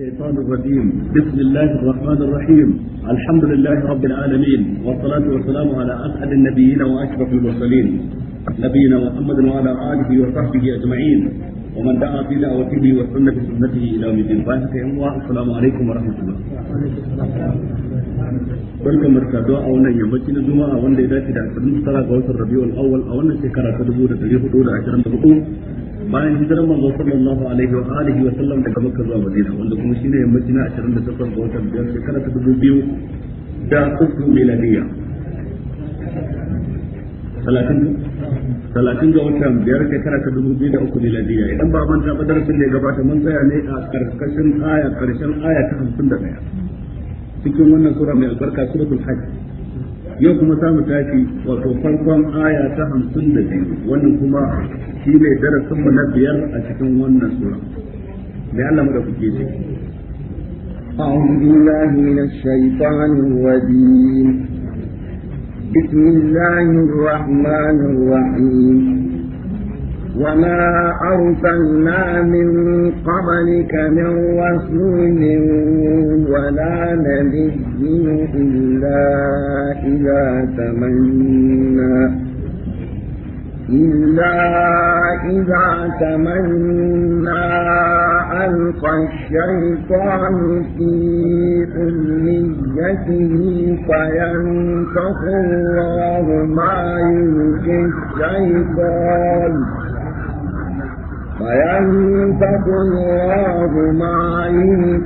الشيطان الرجيم بسم الله الرحمن الرحيم الحمد لله رب العالمين والصلاة والسلام على أسعد النبيين وأشرف المرسلين نبينا محمد وعلى آله وصحبه أجمعين ومن دعا بدعوته وسن بسنته إلى يوم الدين بارك السلام عليكم ورحمة الله barkan barka da a wannan yammaci na juma'a wanda ya dace da 29 ga watan rabiul awwal a wannan shekara ta 1424 bayan hijirar manzo sallallahu alaihi wa alihi wa sallam daga Makka zuwa Madina wanda kuma shine yammacin 28 ga watan biyar shekara ta 2000 da uku miladiya talatin ga watan biyar shekara ta dubu biyu da uku miladiya idan ba manta ba darasin da ya gabata mun tsaya ne a karkashin aya karshen aya ta hamsin da daya cikin wannan sura mai albarka suratul hajj yau kuma samu tashi wato farkon aya ta hamsin da biyu wannan kuma shi ne darasin mu na biyar a cikin wannan sura da Allah mu da kuke ji أعوذ بالله من الشيطان الرجيم بسم الله الرحمن الرحيم وما أرسلنا من قبلك من رسول ولا نبي إلا إذا تمنى إلا إذا تمنى ألقى الشيطان في أمنيته فينسخ الله ما يلقي الشيطان Bayanci, sabbin rabu,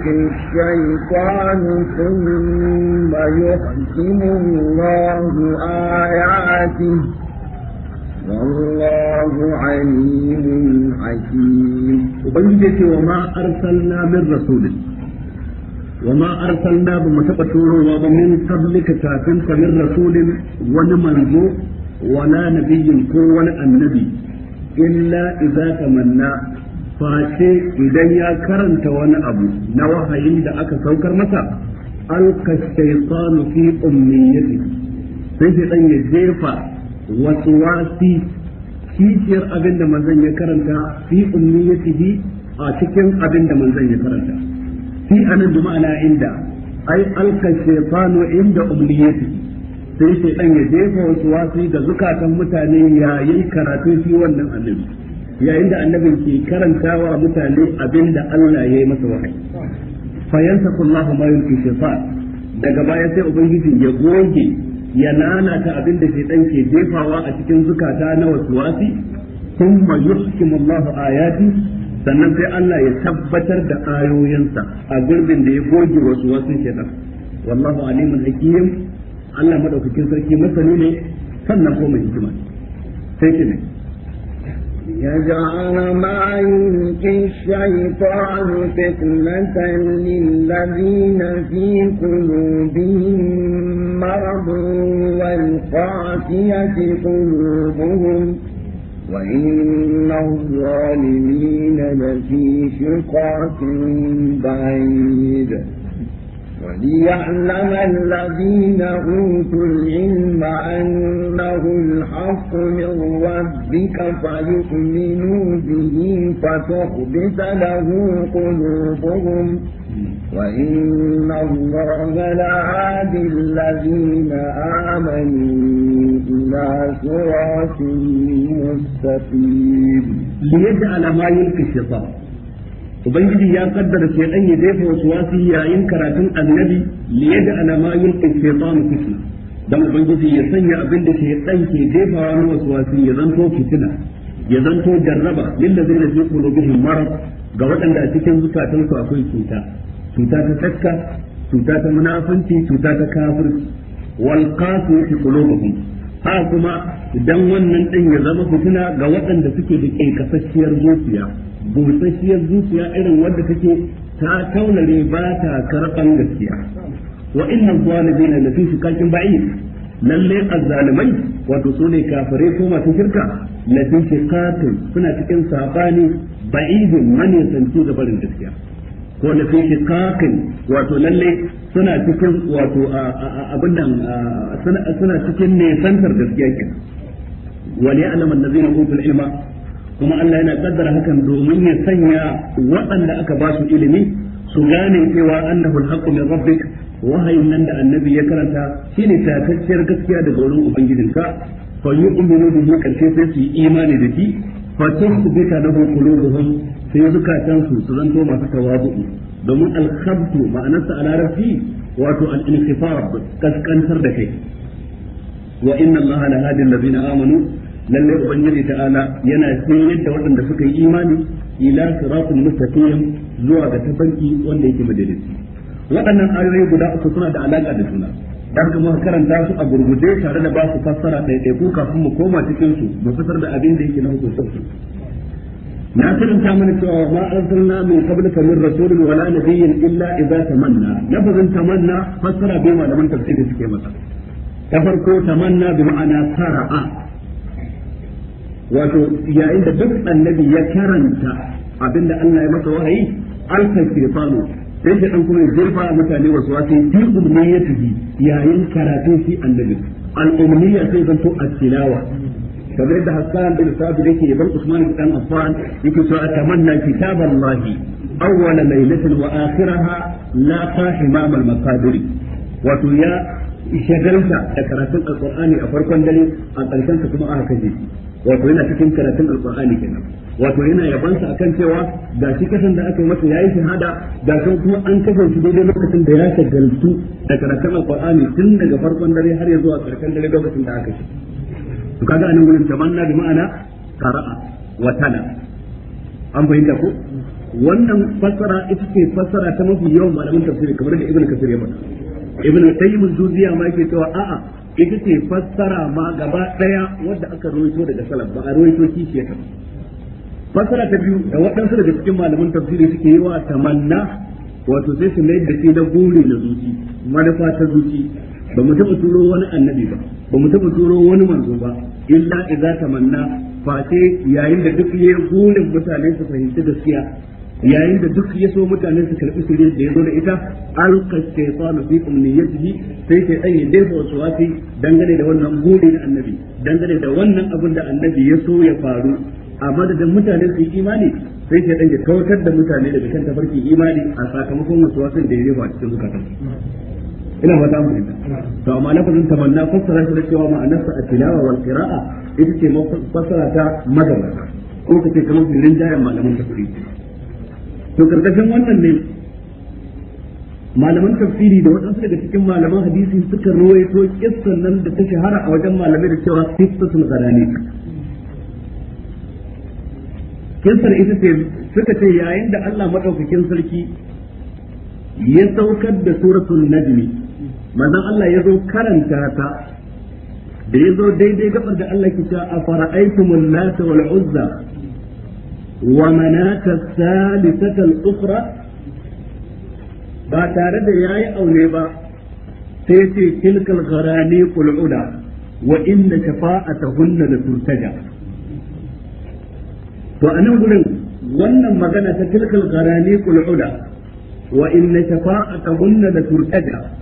ke shaikawan tamin' baya, suna buga wasu ayyaki, bi da wa ma'asar namun rasulin? Wa ma'asar babu mataba'a to rasulin wani mai zo wa lalata kowanne amina bi? illa idza tamanna face idan ya karanta wani abu na wahayin da aka saukar masa alka shaytanu fi ummiyati sai shi dan ya jefa wasi kiciyar abin da manzon ya karanta fi ummiyatihi a cikin abin da manzon ya karanta fi anan da ma'ana inda ai alka shaytanu inda ummiyatihi sai sai dan ya jefa wasu wasi da zukatan mutane yayin karatu shi wannan annabi yayin da annabin ke karantawa mutane abin da Allah ya yi masa wahayi fayansaku Allah ma yunki shaytan daga baya sai ubangiji ya goge ya ta abin da ɗan ke jefawa a cikin zukata na wasu wasi ma yuhkimu Allah ayati sannan sai Allah ya tabbatar da ayoyinsa a gurbin da ya goge wasu wasu shaytan wallahu alimul hakim Allah madaukakin sarki masani ne sannan ko mai hikima sai ki ne يجعل ما يلقي الشيطان فتنة للذين في قلوبهم مرض والقاسية قلوبهم وإن الظالمين لفي شقاق بعيد وليعلم الذين أوتوا العلم أنه الحق من ربك فيؤمنوا به فتخبت له قلوبهم وإن الله لعاد الذين آمنوا إلى صراط مستقيم ليجعل ما يلقي الشيطان ubangiji ya kaddara shaytan ya jefa wasu wasi yayin karatun annabi li yaj'ala ma yulqi shaytan fitna dan ubangiji ya sanya abin da shaytan ke jefawa na wasu wasi ya zanto fitina ya zanto jarraba lillazina fi qulubihim marad ga waɗanda a cikin zukatansu akwai cuta cuta ta tsakka cuta ta munafunci cuta ta kafirci wal qasiyati qulubuhum a kuma idan wannan din ya zama fitina ga waɗanda suke da kekasasshiyar zuciya busasshiyar zuciya irin wadda take ta taunare ba ta karɓan gaskiya wa innal zalimina fi shikakin ba'id lalle azzalimai wato su ne ko masu shirka fi shikakin suna cikin sabani ba'idin manisanci da barin gaskiya ko lafi shikakin wato lalle suna cikin wato abin nan suna cikin nesantar gaskiya kenan wali alaman na zai utul ilma kuma Allah yana kaddara hakan domin ya sanya waɗanda aka ba su ilimi su gane cewa annahu alhaqqu min rabbik wahayin nan da annabi ya karanta shine tatacciyar gaskiya daga wurin ubangijinka fa yu'minu bihi kace sai su yi imani da shi fa tasbita lahu qulubuhum sai zukatan su zanto masu tawazu'u domin alkhabtu ma'anarsa a larabci wato al-inkhifar kaskantar da kai wa inna allaha la hadi allazina amanu lalle ubangiji ta'ala yana tsayar da waɗanda suka yi imani ila siratul mustaqim zuwa ga tafarki wanda yake madalici waɗannan ayoyi guda uku suna da alaka da juna dan kuma karanta su a gurgude tare da ba su fassara ɗaiɗaiku kafin mu koma cikin su mu fitar da abin da yake na hukuncin su na karanta mana cewa ma arsalna min qablika min rasulin wala nabiyyin illa idza tamanna lafazin tamanna fassara bai malaman tafsiri suke mata. ta farko tamanna bi ma'ana sara'a wato yayin da duk annabi ya karanta abinda Allah ya masa wahayi alkan shaytanu sai da dan kuma zurfa mutane wasu wasu fi umniyatihi yayin karatun shi annabi al-umniyya sai zanto at-tilawa kamar yadda Hassan bin Sabit yake yaban Usman bin Affan yake cewa tamanna kitaballahi awwal laylatin wa akhiraha la qahimam al-maqadir wato ya shagalta da karatun alqur'ani a farkon dare a ƙarshen ka kuma aka kaje wato yana cikin karatun alqur'ani kenan wato yana yaban sa akan cewa ga shi kasan da aka yi masa yayi shahada ga shi kuma an kafa shi daidai lokacin da ya shagaltu da karatun alqur'ani tun daga farkon dare har ya zuwa ƙarshen dare lokacin da aka shi to kaga anan gurin tamanna bi ma'ana qara'a wa tala an fahimta ko wannan fassara ita ce fassara ta mafi yawan malaman tafsiri kamar da ibnu kasir ya faɗa ibnu qayyim az-zuziya ma yake cewa a'a ita ce fassara ma gaba daya wadda aka rawaito daga salaf ba a rawaito kishiyata fassara ta biyu da waɗansu daga cikin malaman tafsiri suke yi wa tamanna wato sai su mayar da shi na buri na zuci manufa ta zuci ba mu taɓa turo wani annabi ba ba mu taɓa turo wani manzo ba illa idza tamanna fa yayin da duk yayin gurin mutane su fahimci gaskiya yayin da duk ya so mutane su karbi su da ya zo da ita fa shaytanu fi umniyatihi sai sai dan ya dafa wasu wasi dangane da wannan gode na annabi dangane da wannan abin da annabi ya so ya faru a madadin mutane su imani sai sai dan ya kautar da mutane daga kan tafarki imani a sakamakon wasu wasan da ya ba cikin zukatan ina ba ta mu fahimta to amma lafazin tamanna fassara shi da cewa ma'anarsa a tilawa wal qira'a ita ce fassara ta magana ko kace kamar filin jayan malaman tafsiri to karkashin wannan ne malaman tafsiri da waɗansu daga cikin malaman hadisi suka ruwaito kissan nan da ta shahara a wajen malamai da cewa qissatul ghanani kissar ita ce suka ce yayin da Allah madaukakin sarki ya saukar da suratul najmi manzon Allah ya zo karanta ta da ya zo daidai gabar da Allah ke cewa afara'aytumul lata wal uzza wa manata thalithata al ukhra ba tare da yayi aure ba sai ce tilkal gharani qul'uda wa inna shafa'atahunna la turtaja to anan gurin wannan magana ta tilkal gharani qul'uda wa inna shafa'atahunna la turtaja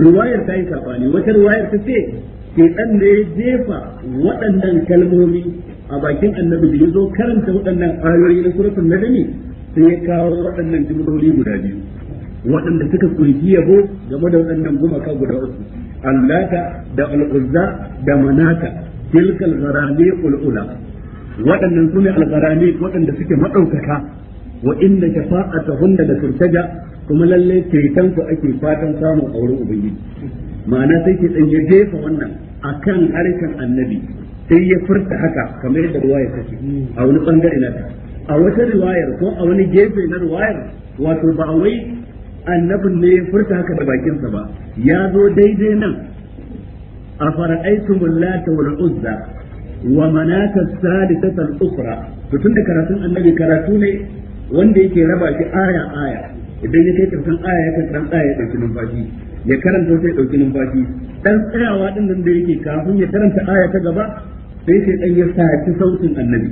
riwayar ta yi sabani wata riwayar ta ce shaitan da ya jefa waɗannan kalmomi a bakin annabi da ya zo karanta waɗannan ayoyi na suratul nadami sai ya kawo waɗannan jimloli guda biyu waɗanda suka kunshi yabo game da waɗannan gumaka guda uku allata da al'uzza da manata tilkal gharani ulula waɗannan su ne algharani waɗanda suke maɗaukaka wa inna shafa'atahunna da turtaja kuma lalle ceton ku ake fatan samun auren ubangiji ma'ana sai ke dan ya jefa wannan akan harshen annabi sai ya furta haka kamar yadda ruwaya take a wani bangare na ta a wata riwayar ko a wani gefe na riwayar wato ba wai annabin ne ya furta haka da bakinsa ba ya zo daidai nan a fara'aitumul lata wal uzza wa manata salisata ukhra to tun da karatun annabi karatu ne wanda yake raba shi aya aya idan ya kai karshen aya ya kan aya ya ɗauki numfashi ya karanta sai ɗauki numfashi dan tsayawa din nan da yake kafin ya karanta aya ta gaba sai sai dan ya saci sautin annabi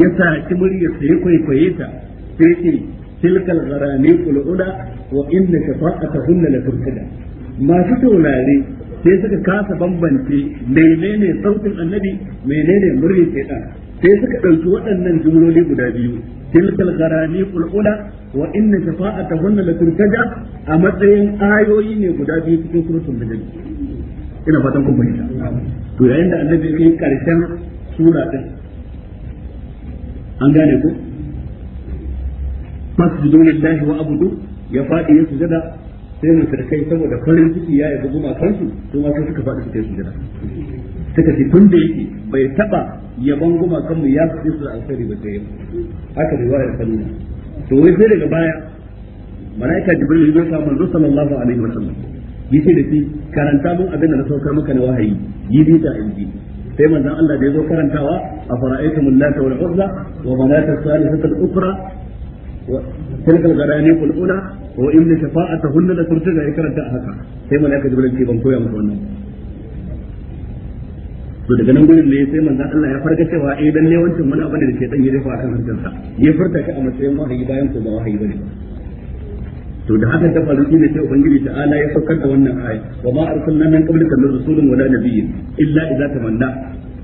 ya saci muryar sa ya kwaikwaye ta sai ce tilkal gharaniqul ula wa inna hunna la turkida masu taurare sai suka kasa bambance menene sautin annabi menene muryar shaytan sai suka ɗauki waɗannan jumloli guda biyu tilkal gharaniqul ula wa inna shafa'atahunna laturtaja a matsayin ayoyi ne guda biyu cikin suratul najm ina fatan kun fahimta to yayin da annabi ya yi karshen sura an gane ku wa ya faɗi ya sujada sai mun kai saboda farin ciki ya yi guma kansu to sai suka fadi suka yi sujada suka ce tun da yake bai taba yaban gumakan mu ya fi su alkhairi ba sai haka riwayar ta nuna to wai sai daga baya malaika jibril ya samu manzo sallallahu alaihi wasallam yace da shi karanta mun abin da na saukar maka na wahayi yi bi ta inji sai manzon Allah da ya zo karantawa a fara'aytum allata wal uzza wa manat as-salisata al-ukhra wa tilka al-gharaniq al-ula wa inna shafa'atahunna la turtaja ya karanta haka sai malaika jibril ce ban koya maka wannan to daga nan gurin ne sai manzon Allah ya farga cewa eh dan ne wancan wani abin da ke dan yi a kan harshen sa ya furta ka a matsayin wahayi bayan ko ba wahayi bane to da hakan ta faru shine sai ubangiji ta ala ya saukar da wannan aya wa ma arsalna min qablika min rasulin wala nabiyyin illa idza tamanna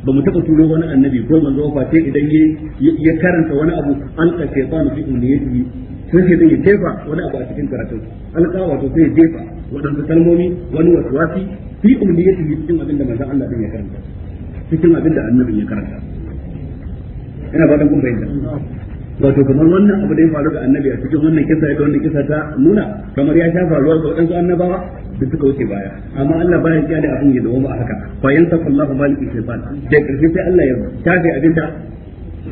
ba mu taɓa turo wani annabi ko manzo ba sai idan ya karanta wani abu alka shaytan fi umniyatihi sai sai ya jefa wani abu a cikin karatu alka wato sai ya jefa wadansu kalmomi wani waswasi fi umniyatihi cikin abin da manzo Allah din ya karanta cikin abin da annabin ya karanta ina fatan kun fahimta wato kamar wannan abu da ya faru da annabi a cikin wannan kisa da wannan kisa ta nuna kamar ya sha faruwa ga wadansu annabawa da suka wuce baya amma Allah baya kiyaye abin ya dawo ba haka fa yansa Allahu maliki shaytan da karshe sai Allah ya tafi abin da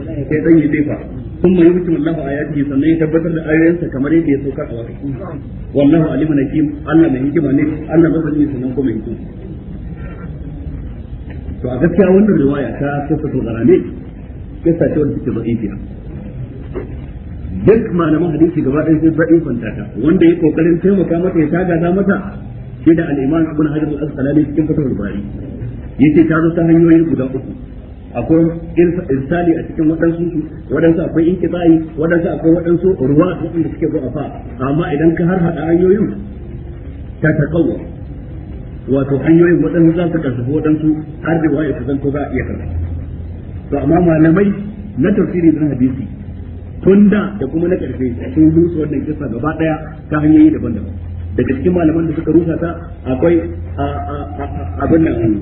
sai dan yi defa kun mai mutum Allahu ayati sannan ya tabbatar da ayoyinsa kamar yadda ya saukar a wata wallahu alimun hakim Allah mai hikima ne Allah masanin sanan kuma hikima to a gaskiya wannan riwaya ta kisatul gharami kisa ce wanda take da'ifiya duk malaman hadisi gaba ɗaya sai kwanta ta wanda ya kokarin taimaka mata ya taga za mata shi da al-imam ibn hajar al-asqalani cikin fatawul bari yace ta zo ta hanyoyin guda uku akwai irsali a cikin waɗansu su waɗansu akwai kitsayi, waɗansu akwai waɗansu ruwa waɗanda suke zuwa fa amma idan ka har hada hanyoyin ta taqawwa wato hanyoyin waɗansu za su karfafa waɗansu har da waye ko za a iya karfafa to amma malamai na tafsirin na hadisi tun da da kuma na karfe sun rusa wannan kisa gaba ɗaya ta hanyoyi daban-daban daga cikin malaman da suka rusa ta akwai abin nan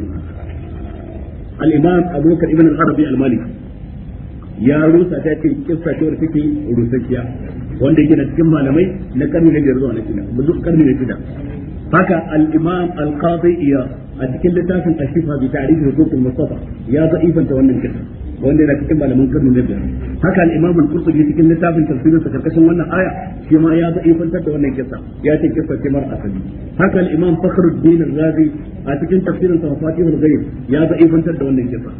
al-imam abubakar ibn al-arabi al-maliki ya rusa ta ce kisa ce wadda take rusakiya wanda yake na cikin malamai na karni na biyar zuwa na shida karni na shida haka al-imam al-qadi iya a cikin littafin ashifa bi ta'rif hukuk al-mustafa ya za'ifanta wannan kisa wanda yana cikin malaman karni na biyar haka al-imam al-qurtubi cikin littafin tafsirin sa karkashin wannan aya shi ma ya za'ifantar da wannan kisa ya ce kisa ce mar asali haka al-imam fakhruddin al-razi a cikin tafsirin sa mafatihul ghaib ya za'ifantar da wannan kisa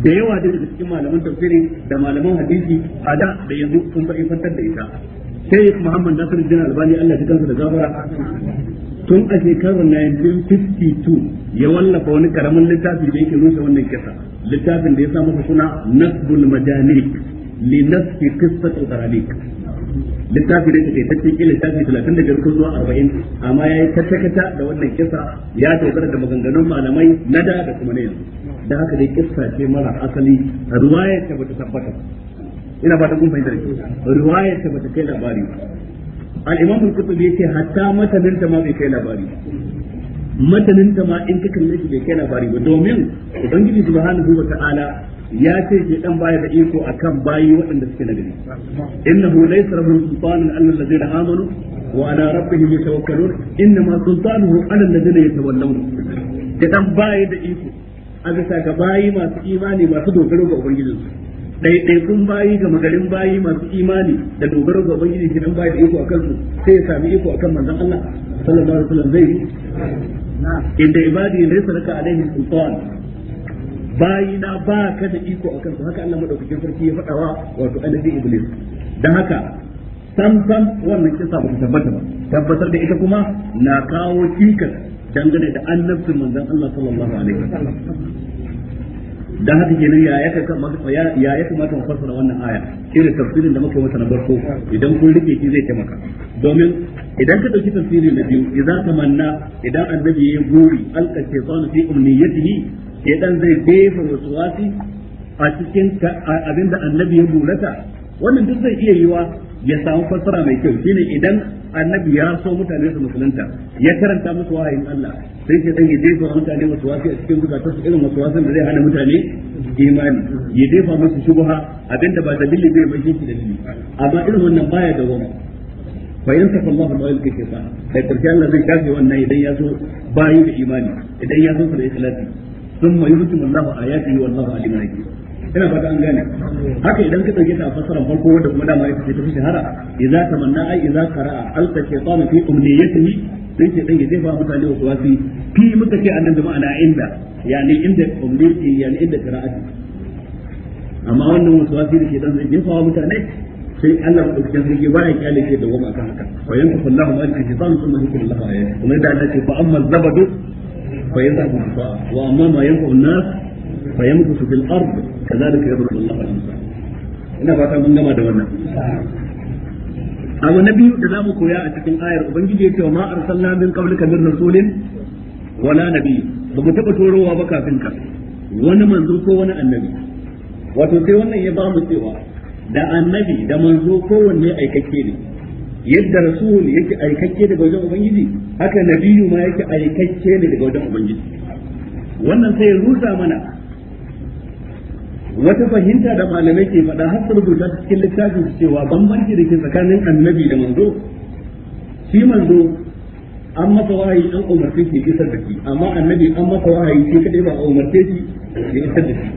da yawa daga cikin malaman tafsiri da malaman hadisi a da da yanzu sun za'ifantar da ita sai Muhammad Nasiruddin Albani Allah ya kansa da gafara tun a shekarar 1952 ya wallafa wani karamin littafi da yake rushe wannan kisa littafin da ya samu masa suna nasbul majalik li nasfi qissatul qaralik littafi da take tattake kila littafi 35 ko zuwa 40 amma yayi kata da wannan kisa ya dogara da maganganun malamai na da da kuma na da haka dai kissa ce mara asali ruwayar ce bata tabbata ina ba ta kun fahimta riwayar ta bata kai labari al-imam al-qurtubi yace hatta matanin ta ma bai kai labari matanin ta ma in ka kalle shi bai kai labari ba domin ubangiji subhanahu wa ta'ala ya ce ke dan baya da iko akan bayi waɗanda suke na gari innahu laysa rabbu sultanan allal ladina amanu wa ala rabbihim yatawakkalun innama sultanuhu ala alladina yatawallawun da dan baya da iko a bisa ga bayi masu imani masu dogaro ga ubangijinsu ɗaiɗaikun bayi ga magarin bayi masu imani da dogaro ga ubangiji gidan bayi da iko a kansu sai ya sami iko a kan manzan Allah sallallahu alaihi wasallam zai inda ibadi laysa laka alaihi sultan bayi na ba ka da iko a kansu haka Allah madaukakin sarki ya faɗawa wato annabi iblis dan haka san san wannan kisa ba tabbata ba tabbatar da ita kuma na kawo cikas dangane da annabcin manzon Allah sallallahu alaihi wasallam dan haka kenan ya ya ya ya kamata mu fassara wannan aya irin tafsirin da muka mata masa na farko idan kun rike shi zai taimaka domin idan ka dauki tafsirin na biyu idan tamanna idan annabi ya gori alqa shaytanu fi umniyatihi dan zai befa wasi a cikin abinda annabi ya burata wannan duk zai iya yiwa ya samu fassara mai kyau shine idan annabi ya so mutane su musulunta ya karanta musu wahayin Allah sai ke dan yaje ga mutane wasu wasi a cikin zukatar su irin wasu wasan da zai hana mutane imani ya jefa musu shubha abinda ba dalili bai ba shi dalili amma irin wannan baya da wani fa yanta Allahu al-ayl kisa sai karshen Allah zai kafe wannan idan ya so bayu da imani idan ya so da ikhlasi thumma yuhtimu Allah ayatihi wallahu alimun hakim ina fata an gane haka idan ka dauke ta a fassarar farko wanda kuma dama ita ce ta fi shahara idza tamanna ai idza qara'a alqa shaytan fi umniyatihi dan ke dan ya jefa mutane wasu wasi fi muka ce annan da ma'ana inda yani inda umniyati yani inda qira'ati amma wannan wasu wasi da ke dan zai jefa mutane sai Allah ya dauke shi ba ya kyale ke da goma kan haka wa yanfa Allahu ma alka shaytanu thumma yukullahu ayati kuma da Allah ce fa amma zabadu fa yanzu fa wa amma ma yanku nas fa yamkusu fil ard kadhalika yadribu Allahu al-amsal ina fata mun gama da wannan abu na biyu da mu koya a cikin ayar ubangiji ya ce ma arsalna min qablika min rasulin wala nabi ba mu taba torowa ba kafin ka wani manzo ko wani annabi wato sai wannan ya ba mu cewa da annabi da manzo kowanne aikakke ne yadda rasul yake aikakke daga wajen ubangiji haka nabiyu ma yake aikakke ne daga wajen ubangiji wannan sai rusa mana wata fahimta da malamai ke faɗa har su rubuta cikin littafin su cewa bambanci da ke tsakanin annabi da manzo shi manzo an masa wahayi an umarce shi isar da shi amma annabi an masa wahayi shi kadai ba a umarce shi ya isar da shi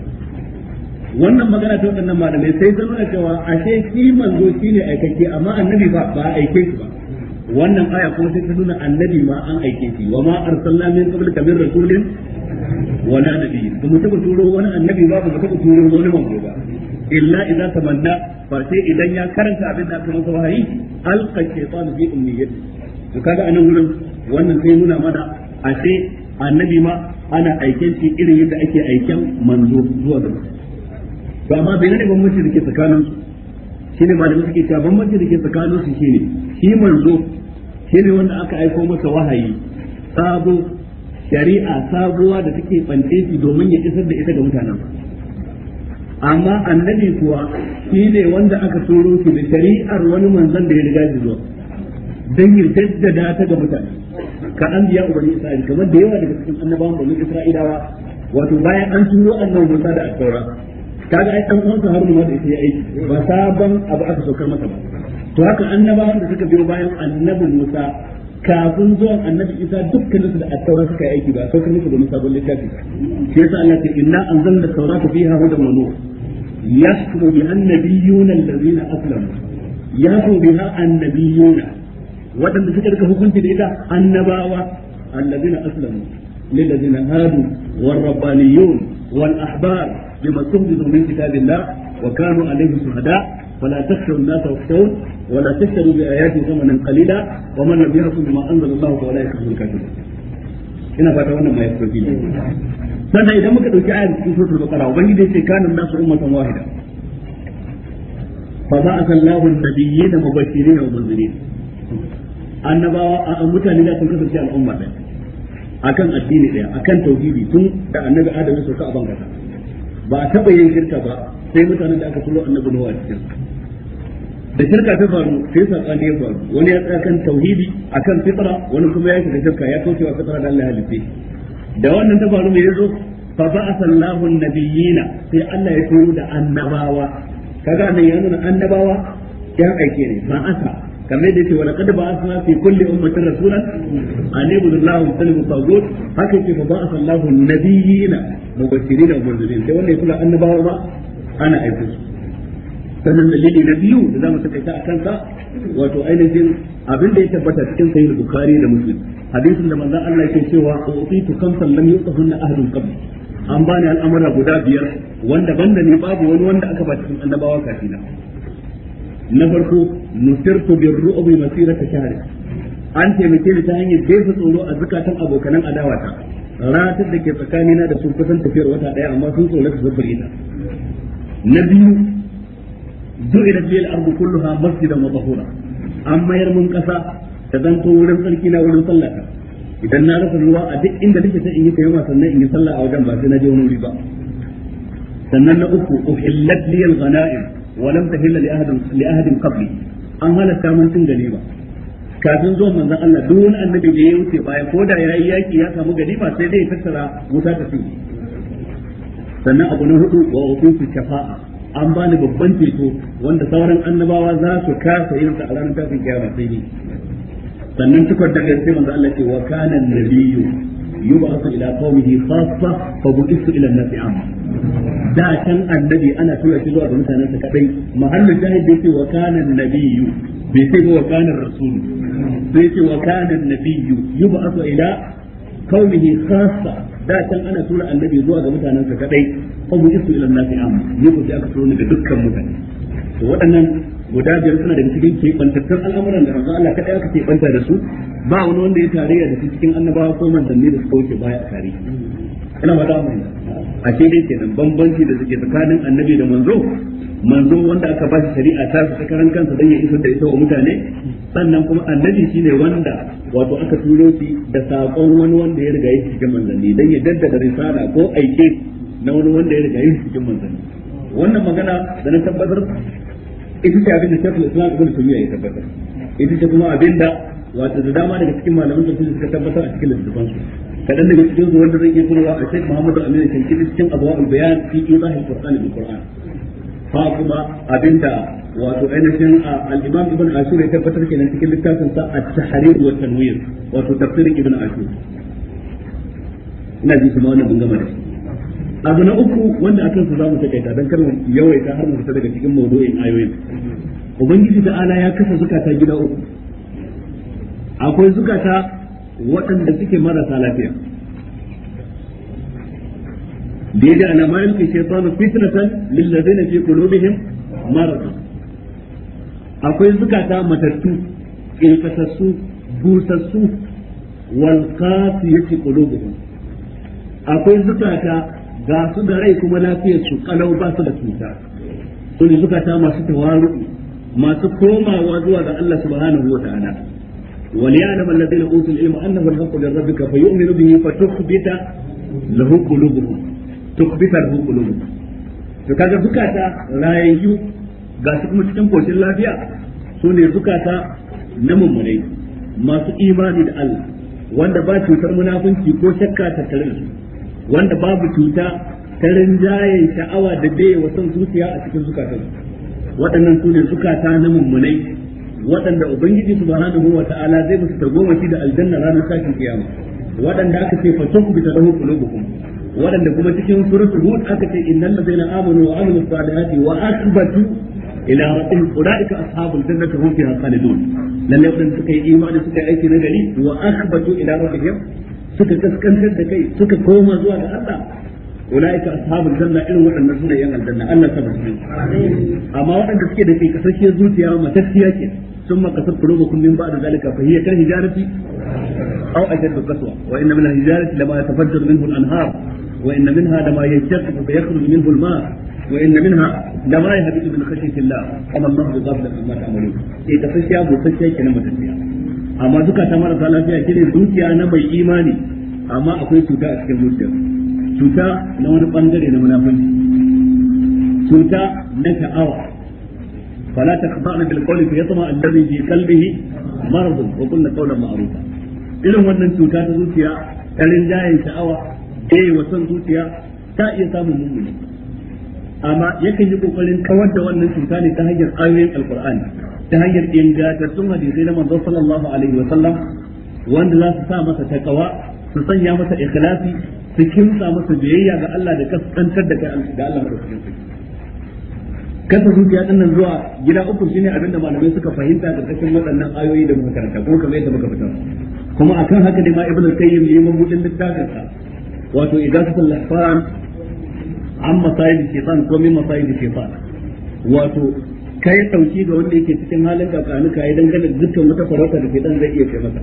wannan magana ta waɗannan malamai sai zan nuna cewa ashe shi manzo ne aikakke amma annabi ba ba aike shi ba wannan aya kuma sai ta nuna annabi ma an aike shi wa ma arsalna min qablika min rasulin Wani annabi ba mu taba turo wani annabi ba ba mu taba turo wani manzo ba illa idza tamanna ba sai idan ya karanta abin da aka masa wahayi alqa shaytan bi umniyati to kaga anan wurin wannan sai nuna mana ashe annabi ma ana aiken shi irin yadda ake aiken manzo zuwa ga ba amma bai ne bambanci da ke tsakanin shi ne malamin suke cewa bambanci da ke tsakanin su shine shi manzo shi ne wanda aka aiko masa wahayi sabo shari'a sabuwa da take fante shi domin ya isar da ita ga mutanen amma annabi kuwa shi ne wanda aka turo shi da shari'ar wani manzon da ya riga shi zuwa dan ya jaddada ta ga mutane ka an biya ubani isra'il kamar da yawa daga cikin annabawan bani isra'ilawa wato bayan an turo annabi Musa da Asaura kaga ai an san har ma da yake aiki ba sabon abu aka saukar masa ba to haka annabawan da suka biyo bayan annabi Musa kafin zuwan annabi isa dukkanin su da attaura suka yi aiki ba sai kuma su sabon littafi shi yasa Allah ke inna anzalna tawrata fiha hudan wa nur yahkumu bi annabiyuna allazina aslamu yahkumu biha annabiyuna wadanda suka rika hukunci da ita annabawa allazina aslamu lillazina hadu والربانيون والأحبار بما استنبطوا من كتاب الله وكانوا عليه شهداء فلا تخشوا الناس واخشون ولا تشتروا بآياتي ثمنا قليلا ومن لم يحكم بما أنزل الله فلا يحكم الكافرون ina fata wannan mai sauki ne sannan idan muka dauki ayar cikin suratul baqara ubangiji sai kana nasu ummatan wahida fa za asallahu an da mubashirin wa munzirin annabawa a mutane da sun kasance al'umma ɗaya akan addini ɗaya akan tauhidi tun da annabi adamu sauka a bangasa ba a taɓa yin shirka ba sai mutanen da aka kullo annabi nuwa a cikin da shirka ta faru sai sabani ya faru wani ya tsaya kan tauhidi akan fitra wani kuma ya shiga shirka ya kauce wa fitra da Allah halitta da wannan ta faru mai yazo fa ba'atha Allahu an-nabiyina sai Allah ya turo da annabawa kaga nan ya nuna annabawa yan aike ne ba asa kamar da yake walaqad ba'athna fi kulli ummatin rasulan an ibudu Allah wa tanibu tawgut haka yake fa ba'atha Allahu an-nabiyina mubashirin wa munzirin sai wannan ya kula annabawa ba ana aike su sannan dalili na biyu da zamu saka ta a sa wato ainihin abin da ya tabbata cikin sahih bukhari da muslim hadisin da manzon Allah yake cewa utitu kamsan lam yutahunna ahadun qabli an bani al'amura guda biyar wanda banda ne babu wani wanda aka ba cikin annabawa kafina na farko nusirtu bir ru'bi masirata shahri an taimake ni ta hanyar jefa tsoro a zukatan abokanan adawata ratar da ke tsakanina da su kusan tafiyar wata daya amma sun tsoro su zubure na biyu du'irat lil ardu kulluha masjidan wa tahura an mayar mun kasa da zanto wurin sarki na wurin sallata idan na rasa ruwa a duk inda nake sai in yi tayyama sannan in yi sallah a wajen ba sai na je wani wuri ba sannan na uku uhillat li al-ghanaim wa lam tahilla li ahadin li ahadin qabli an halatta mun tun ba. kafin zuwan manzon Allah duk wani annabi da ya wuce baya ko da yayi yaki ya samu ba sai dai ya tattara wuta ta ci sannan abu na hudu wa uqutu shafa'a an bani babban teku wanda sauran annabawa za su kasa yin sa a ranar tafin kiyama sai ni sannan tukar da sai manzo Allah ce wa kana nabiyyu yub'athu ila qaumihi khassa fa bu'ithu ila an-nasi amma da kan annabi ana tura shi zuwa ga mutanen sa kadai mahallin shahid bai ce wa kana nabiyyu bai ce wa kana rasul bai ce wa kana nabiyyu yub'athu ila kaumihi khassa da can ana tura annabi zuwa ga mutanen sa kadai fa mu isu ila nasi am ni ko sai aka tura ni ga dukkan mutane to waɗannan guda biyar suna da cikin keɓantattun al'amuran da manzo Allah kadai aka keɓanta da su ba wani wanda ya tarayya da cikin annabawa ko manzanni da suka wuce baya a tarihi ina ba da mai a ce dai kenan bambanci da suke tsakanin annabi da manzo manzo wanda aka ba shi shari'a ta su karan kansa dan ya isar da ita wa mutane sannan kuma annabi shine wanda wato aka turo shi da sakon wani wanda ya riga yake cikin manzanni dan ya daddada risala ko aike na wani wanda ya riga yake cikin manzanni wannan magana da na tabbatar ita ce abin da Shaykhul Islam Ibn Taymiyyah ya tabbatar ita ce kuma abin da wato da dama daga cikin malamin tafsir suka tabbatar a cikin littafin su kadan daga cikin su wanda zai iya a cikin Muhammadu Aminu amin Shankiri cikin Abwaul Bayan fi Idah Al-Qur'an bil Qur'an fa kuma abinda wato ainihin al-Imam Ibn Ashur ya tabbatar kenan cikin littafin sa At-Tahrir wa Tanwir wato tafsir Ibn Ashur ina ji kuma wannan mun gama da shi abu na uku wanda a kansu za mu takaita don dan mu yawaita har mu fita daga cikin maudu'in ayoyin ubangiji da ala ya kasa zukata gida uku akwai zukata waɗanda suke marasa lafiya da ya ja'ala ma yulqi shaytanu fitnatan lil na fi qulubihim marasa. akwai zukata matattu ilkatassu busassu wal qasiyati qulubuhum akwai zukata ga su da rai kuma lafiyar su kalau ba su da cuta sun zukata masu tawaru masu komawa zuwa ga Allah subhanahu wa ta'ala وليعلم الذين اوتوا العلم انه الحق من ربك فيؤمن به فتخبت له قلوبهم تخبت له قلوبهم to kaga zukata rayayyu ga su kuma cikin koshin lafiya su ne zukata na mummunai masu imani da Allah wanda ba cutar munafunci ko shakka ta da su wanda babu cuta ta rinjayen sha'awa da bai wa son zuciya a cikin zukatansu waɗannan sune ne zukata na mummunai waɗanda ubangiji subhanahu wa ta'ala zai musu tagomashi da aljanna ranar sakin kiyama waɗanda aka ce fatuhu bi tadahu qulubukum waɗanda kuma cikin suratul hud aka ce innal ladzina amanu wa amilus salihati wa asbatu ila rabbihim ulaika ashabul jannati hum fiha khalidun lalle waɗanda suka yi imani suka yi aiki na gari wa asbatu ila rabbihim suka kaskantar da kai suka koma zuwa ga Allah ulaika ashabul janna irin waɗannan sune yan aljanna Allah ta bashi amma waɗanda suke da kai kasashe zuciya matacciya ke ثم قصد قلوبكم من بعد ذلك فهي كالهجارة أو أشد قسوة وإن من الهجارة لما يتفجر منه الأنهار وإن منها لما ينشقق فيخرج منه الماء وإن منها لما يهبط من خشية الله أما الله بغافل عما تعملون إذا خشية بخشية كلمة تسمية أما ذكا تمر قال فيها كلمة دوكيا أنا بي إيماني أما أقول سوداء أشكال مرتب سوداء نوان بانجري نوان أفنسي cuta na sha'awa فلا تخضعن بالقول فيطمع الذي في قلبه مرض وقلنا قولا معروفا irin wannan cuta ta zuciya ta rinjayen sha'awa eh wasan zuciya ta iya samun mummuni amma yakan yi kokarin kawar da wannan cuta ne ta hanyar ayoyin alqur'ani ta hanyar ingantattun hadisai na manzo sallallahu alaihi wa sallam wanda za su sa masa takawa su sanya masa ikhlasi su kimsa masa biyayya ga Allah da kaskantar da kai da Allah da cikin kasa zuciya din nan zuwa gida uku shine abin da malamai suka fahimta da cikin waɗannan ayoyi da makaranta, kuma kamar yadda muka fitar kuma akan haka ne ma ibnu qayyim yayi mabudin littafin sa wato idatul lahfan an masayid shaytan ko min masayid shaytan wato kai dauki ga wanda yake cikin halin da kakanuka ya dangane da dukkan wata farauta da shaytan zai iya kai masa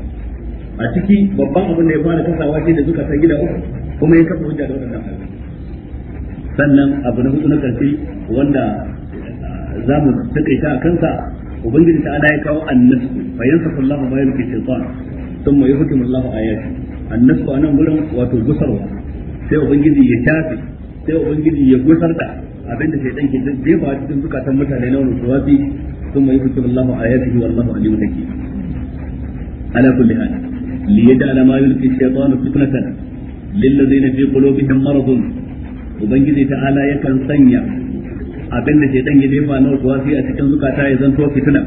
a ciki babban abin da ya fara kasawa shi da zuka ta gida uku kuma ya kafa hujja da wannan sannan abu na hudu na karshe wanda za mu takaita a kansa ubangiji ta ya kawo annasu fa yansafu Allahu ma yulqi shaytan thumma yuhkimu Allahu ayati annasu anan gurin wato gusarwa sai ubangiji ya tafi sai ubangiji ya gusar da abinda shaytan ke ba cikin zukatan mutane na wani suwafi thumma yuhkimu Allahu ayatihi wallahu alimun hakim ala kulli hal liyaj'al ma yulqi shaytan fitnatan lil ladzina fi qulubihim maradun ubangiji ta'ala yakan sanya abin da shaidan ya jefa na wasi a cikin zukata ya zanto fitina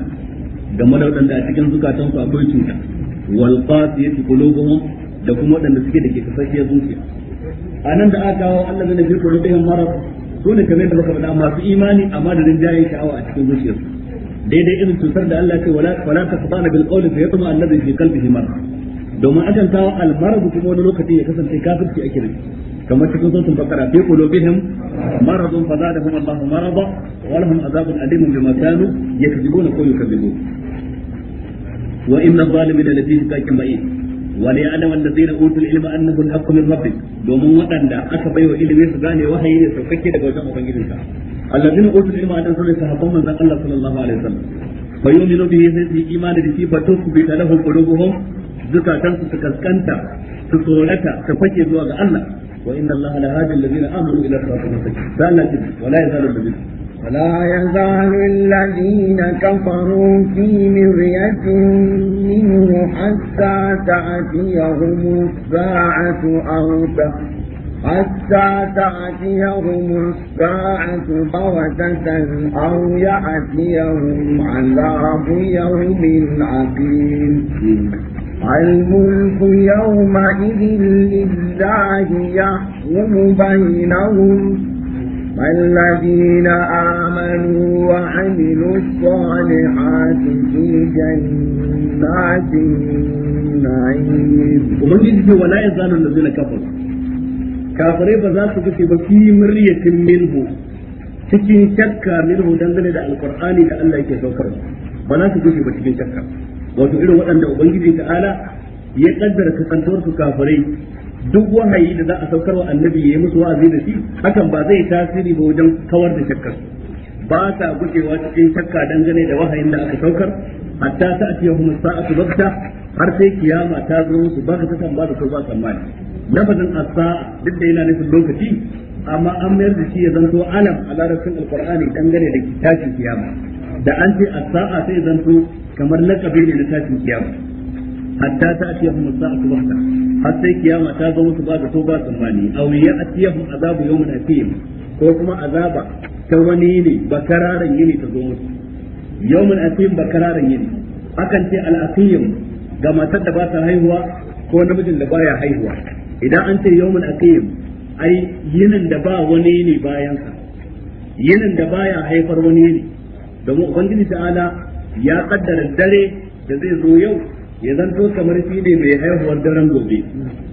game da waɗanda a cikin zukatan su akwai cuta wal qasiyati qulubuhum da kuma waɗanda suke da kifafiyar zuciya anan da aka kawo Allah ne bi qulubihim su ne kamar da baka faɗa masu imani amma da rinjayen sha'awa a cikin zuciyarsu daidai irin cutar da Allah ya ce wala wala taqdana bil qawli fa yatma annabi fi qalbihi marad domin ajanta al marad kuma wani lokaci ya kasance kafirci ake da kamar cikin suratul baqara fi qulubihim maradun fazadahum Allahu marada wa lahum azabun alimun bima kanu yakzibuna ko yukadzibun wa inna zalimina lafi وليعلم الذين اوتوا العلم انه الحق من ربك domin waɗanda aka baiwa ilimi su gane wahayi ne saukakke daga wajen ubangijin ka allazina utul ilma adan sunan sahabban manzon Allah sallallahu alaihi wasallam fa yu'minu bihi sai su imani da shi fa tusbitu zukatan su kaskanta su tsorata ta fake zuwa ga Allah wa inna Allah la hadi allazina amanu ila siratin mustaqim sai Allah ce wala yazalu allazina ولا يزال الذين كفروا في مرية منه حتى تأتيهم الساعة أو حتى تأتيهم الساعة بغتة أو يأتيهم عذاب يوم عقيم الملك يومئذ لله يحكم بينهم والذين آمنوا وعملوا الصالحات في جنات النعيم ومن ولا يزال الذين كفروا kafirai ba za su kace ba fi muryatin minhu cikin shakka minhu dangane da alqur'ani da Allah yake saukar ba za su kace ba cikin shakka wato irin waɗanda ubangiji ta'ala ya kaddara kasantuwar su kafirai duk wahayi da za a saukar wa annabi ya yi musu wa'azi da shi hakan ba zai tasiri ba wajen kawar da shakkar ba sa gujewa cikin shakka dangane da wahayin da aka saukar hatta ta ake yahum sa'atu bakta har sai kiyama ta zo musu ba ka tasan ba da ba tsammani lafazin as duk da yana nufin lokaci amma an mayar da shi ya zanto alam a larabcin alqur'ani dangane da tashin kiyama da an ce a saa sai zanto kamar lakabi ne na tashin kiyama hatta ta atiya hum sa'a saatu wahda har sai kiyama ta zo musu ba zato ba tsammani aw ya atiya zaɓi azabu yawmin atim ko kuma azaba ta wani ne bakararan yini ta zo musu yawmin atim bakararan yini akan ce al-aqim ga matar da ba ta haihuwa ko namijin da baya haihuwa idan an ce yawmin aqim ai yinin da ba wani ne bayan sa yinin da baya haifar wani ne domin ubangiji ta'ala ya kaddara dare da zai zo yau ya zanto kamar shi ne mai haihuwar daren gobe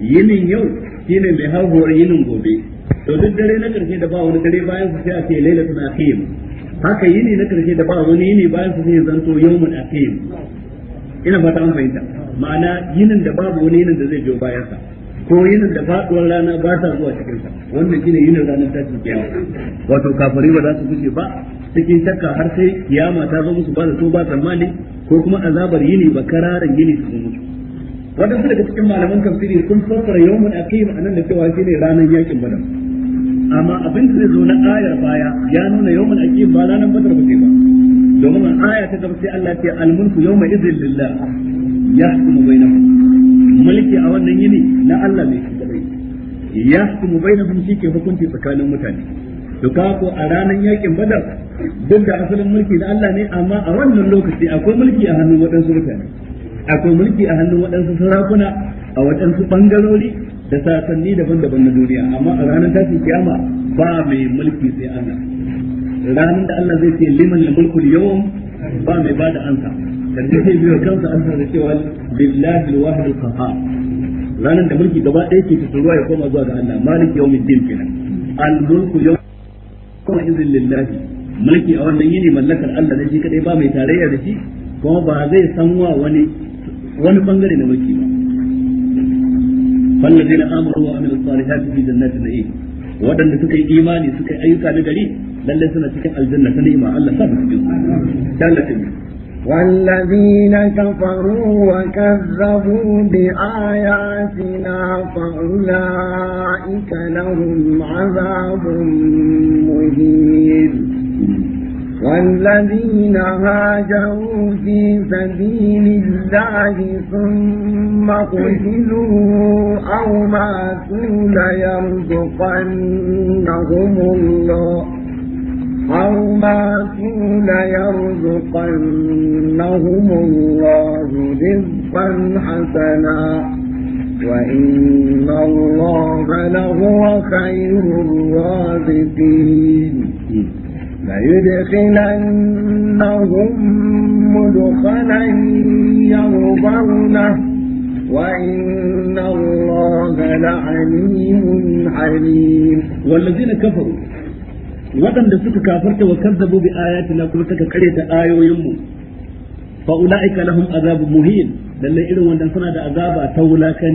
yinin yau shi ne mai haihuwar yinin gobe to duk dare na karshe da ba wani dare bayan su sai a ce lailatul akhir haka yini na karshe da ba wani yini bayan su sai zanto yawmul akhir ina fata an fahimta ma'ana yinin da babu wani yinin da zai biyo bayan sa ko yin da faduwar rana ba sa zuwa cikin sa wannan shine yin ranar tashin kiyama wato kafari ba za su fice ba cikin shakka har sai kiyama ta zo musu ba da to ba tsammani ko kuma azabar yini ba kararan yini su musu wadansu daga cikin malaman tafsiri sun fassara yawmun aqim anan da cewa shine ranar yakin badar amma abin da zai zo na ayar baya ya nuna yawmun aqim ba ranar badar ba ce ba domin aya ta gaba sai Allah ya ce al-mulku yawma idzin lillah yahkumu bainahum mulki a wannan yini na Allah ne shi kadai yahkumu bainahum shi ke hukunci tsakanin mutane to ka ko a ranar yakin badar duk da asalin mulki na Allah ne amma a wannan lokaci akwai mulki a hannun waɗansu mutane akwai mulki a hannun waɗansu sarakuna a waɗansu bangarori da sasanni daban-daban na duniya amma a ranar tashin kiyama ba mai mulki sai Allah ranar da Allah zai ce liman mulkul yawm ba mai bada ansa dan take biyo kansa an san cewa billahi al-wahid al-qahhar ranan da mulki gaba ɗaya ke tsuruwa ya koma zuwa ga Allah malik yawmiddin kenan al-mulku yawm izin lillahi mulki a wannan yini mallakar Allah da shi kadai ba mai tarayya da shi kuma ba zai san wa wani wani bangare na mulki ba fallazina amanu wa amilus salihati fi jannatin na'im waɗanda suka yi imani suka yi ayyuka na gari lalle suna cikin aljanna ta ni'ima Allah sa cikin su والذين كفروا وكذبوا بآياتنا فأولئك لهم عذاب مهين والذين هاجروا في سبيل الله ثم قتلوا أو ماتوا ليرزقنهم الله أو ما قيل يرزقنهم الله رزقا حسنا وإن الله لهو خير الرازقين ليدخلنهم مدخلا يرضونه وإن الله لعليم حليم والذين كفروا waɗanda suka kafarta wa kazzabu bi ayatina kuma suka kareta ayoyinmu fa ulaika lahum azabun muhin lalle irin wanda suna da azaba ta wulakan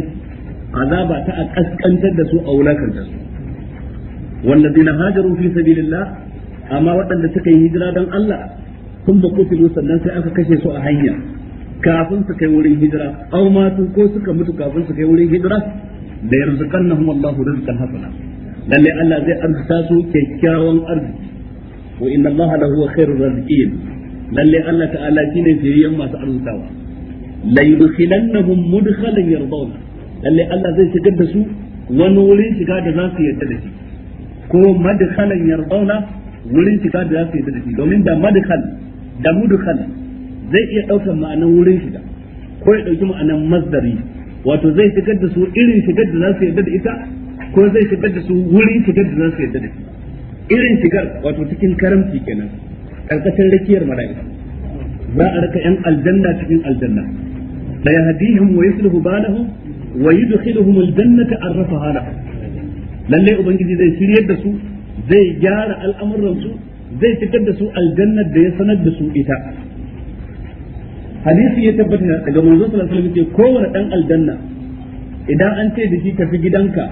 azaba ta akaskantar da su a wulakan da su wanda dina hajaru fi sabilillah amma waɗanda suka yi hijira don Allah sun da kutulu sannan sai aka kashe su a hanya kafin su kai wurin hijira au ma ko suka mutu kafin su kai wurin hijira da yarzuqannahum Allahu rizqan hasana lalle Allah zai arzuta su kyakkyawan arziki wa inna Allah lahu khairur raziqin lalle Allah ta'ala shine fiyayyen masu arzutawa la yudkhilannahum mudkhalan yardawna lalle Allah zai shigar da su wani wurin shiga da za su yarda da shi ko madkhalan yardawna wurin shiga da za su yarda da shi domin da madkhal da mudkhal zai iya daukar ma'anar wurin shiga ko ya dauki ma'anar masdari wato zai shigar da su irin shigar da za su yarda da ita ko zai shigar da su wurin shigar da za su yadda da shi irin shigar wato cikin karamci kenan karkashin rakiyar mala'ika za a raka yan aljanna cikin aljanna la yahdihim wa yuslihu balahum wa yudkhiluhum aljannata arrafa hala lalle ubangiji zai shiryar da su zai gyara al'amuran su zai shigar da su aljannar da ya sanar da su ita hadisi ya tabbata daga manzo sallallahu alaihi wasallam ce kowane dan aljanna idan an ce da shi tafi gidanka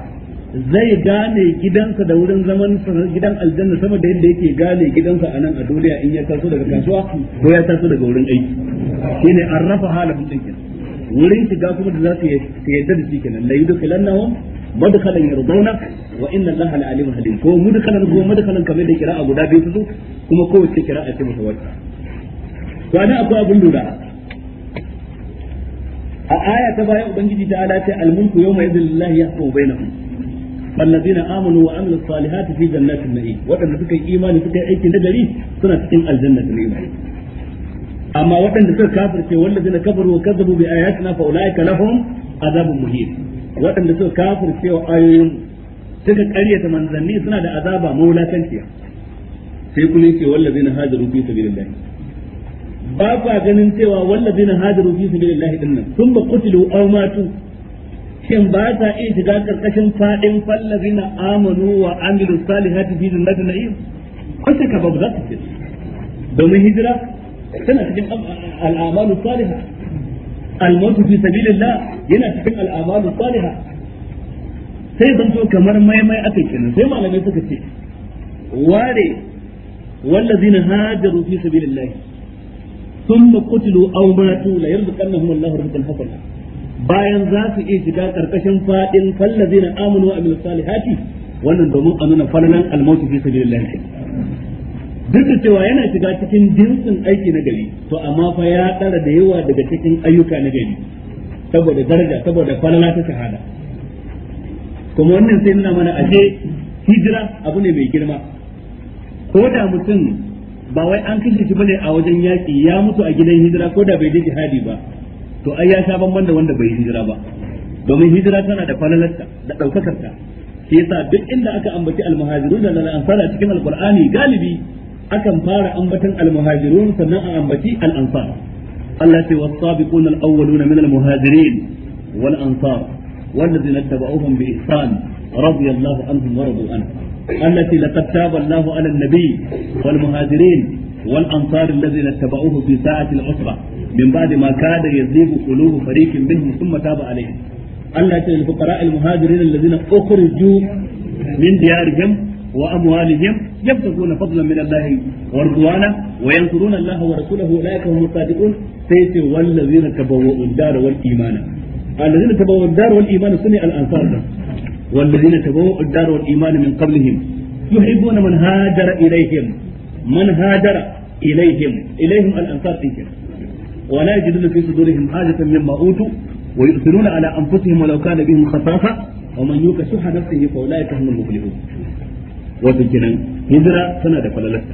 zai gane gidansa da wurin zaman gidan aljanna sama da yadda yake gane gidansa a nan a duniya in ya taso daga kasuwa ko ya taso daga wurin aiki ne an rafa halin din kenan wurin shiga kuma da za su yadda da shi kenan la yudkhilannahum madkhalan yardawna wa inna allaha la alimun halim ko mudkhalan ko madkhalan kamar da kira'a guda biyu su kuma kowace kira'a ce mutawatta to ana akwai abin lura a aya ta baya ubangiji ta ala ta almulku yawma yadillahi yahkum bainahum الذين امنوا وعملوا الصالحات في جنات النعيم وقد suka yi imani suka yi aikin nagari suna cikin aljannatul na'im amma waɗanda suka kafirce wallazina kafaru wa kazzabu bi ayatina fa ulaika lahum azabun muhim waɗanda suka kafirce wa ayoyin suka ƙaryata manzanni suna da sai kuma yake wallazina hajaru fi sabilillah ba ku ganin cewa wallazina hajaru fi sabilillah dinnan sun ba qutilu aw matu shin ba sa iya shiga karkashin fadin fallazina amanu wa amilu salihati fi jannatin na'im ko shakka babu za ta ce domin hijira tana cikin al'amalu salihah al-maut fi sabilillah yana cikin al'amalu Saliha sai zan zanto kamar maimai aka kenan sai malamai suka ce ware wallazina hajaru fi sabilillah ثم قتلوا أو ماتوا ليرزقنهم الله رزقا حسنا bayan za su iya shiga karkashin fadin na Aminu a amilus salihati wannan domin a nuna falalan almautu fi lantarki. duk da cewa yana shiga cikin jinsin aiki na gari to amma fa ya tsara da yawa daga cikin ayyuka na gari saboda daraja saboda falala ta shahada kuma wannan sai nuna mana ashe hijira abu ne mai girma ko da mutum ba wai an kashe shi bane a wajen yaƙi ya mutu a gidan hijira ko da bai je jihadi ba to ai ya sha bamban da wanda bai hijira ba domin hijira tana da falalarta da ɗaukakarta shi yasa duk inda aka ambaci almuhajirun da al-ansar a cikin alqur'ani galibi akan fara ambatan almuhajirun sannan a ambaci al-ansar Allah ce was-sabiquna al-awwaluna min al-muhajirin wal-ansar والذين اتبعوهم بإحسان رضي الله عنهم ورضوا عنه التي لقد تاب الله على النبي والمهاجرين والأنصار الذين اتبعوه في ساعة العسرة من بعد ما كاد يزيغ قلوب فريق منهم ثم تاب عليهم الله يسأل الفقراء المهاجرين الذين أخرجوا من ديارهم وأموالهم يبتغون فضلا من الله ورضوانا وينصرون الله ورسوله أولئك هم الصادقون سيتي والذين تبوؤوا الدار والإيمان الذين تبوؤوا الدار والإيمان سنة الأنصار والذين تبوؤوا الدار والإيمان من قبلهم يحبون من هاجر إليهم man hajara ilaihim ilaihim al-ansar din kenan wa la yajidu fi sudurihim hajatan mimma utu wa yusiruna ala anfusihim wa law kana bihim khasasa wa man yuka shuha nafsihi fa ulaika humul muflihun wato kenan hijira tana da falalarta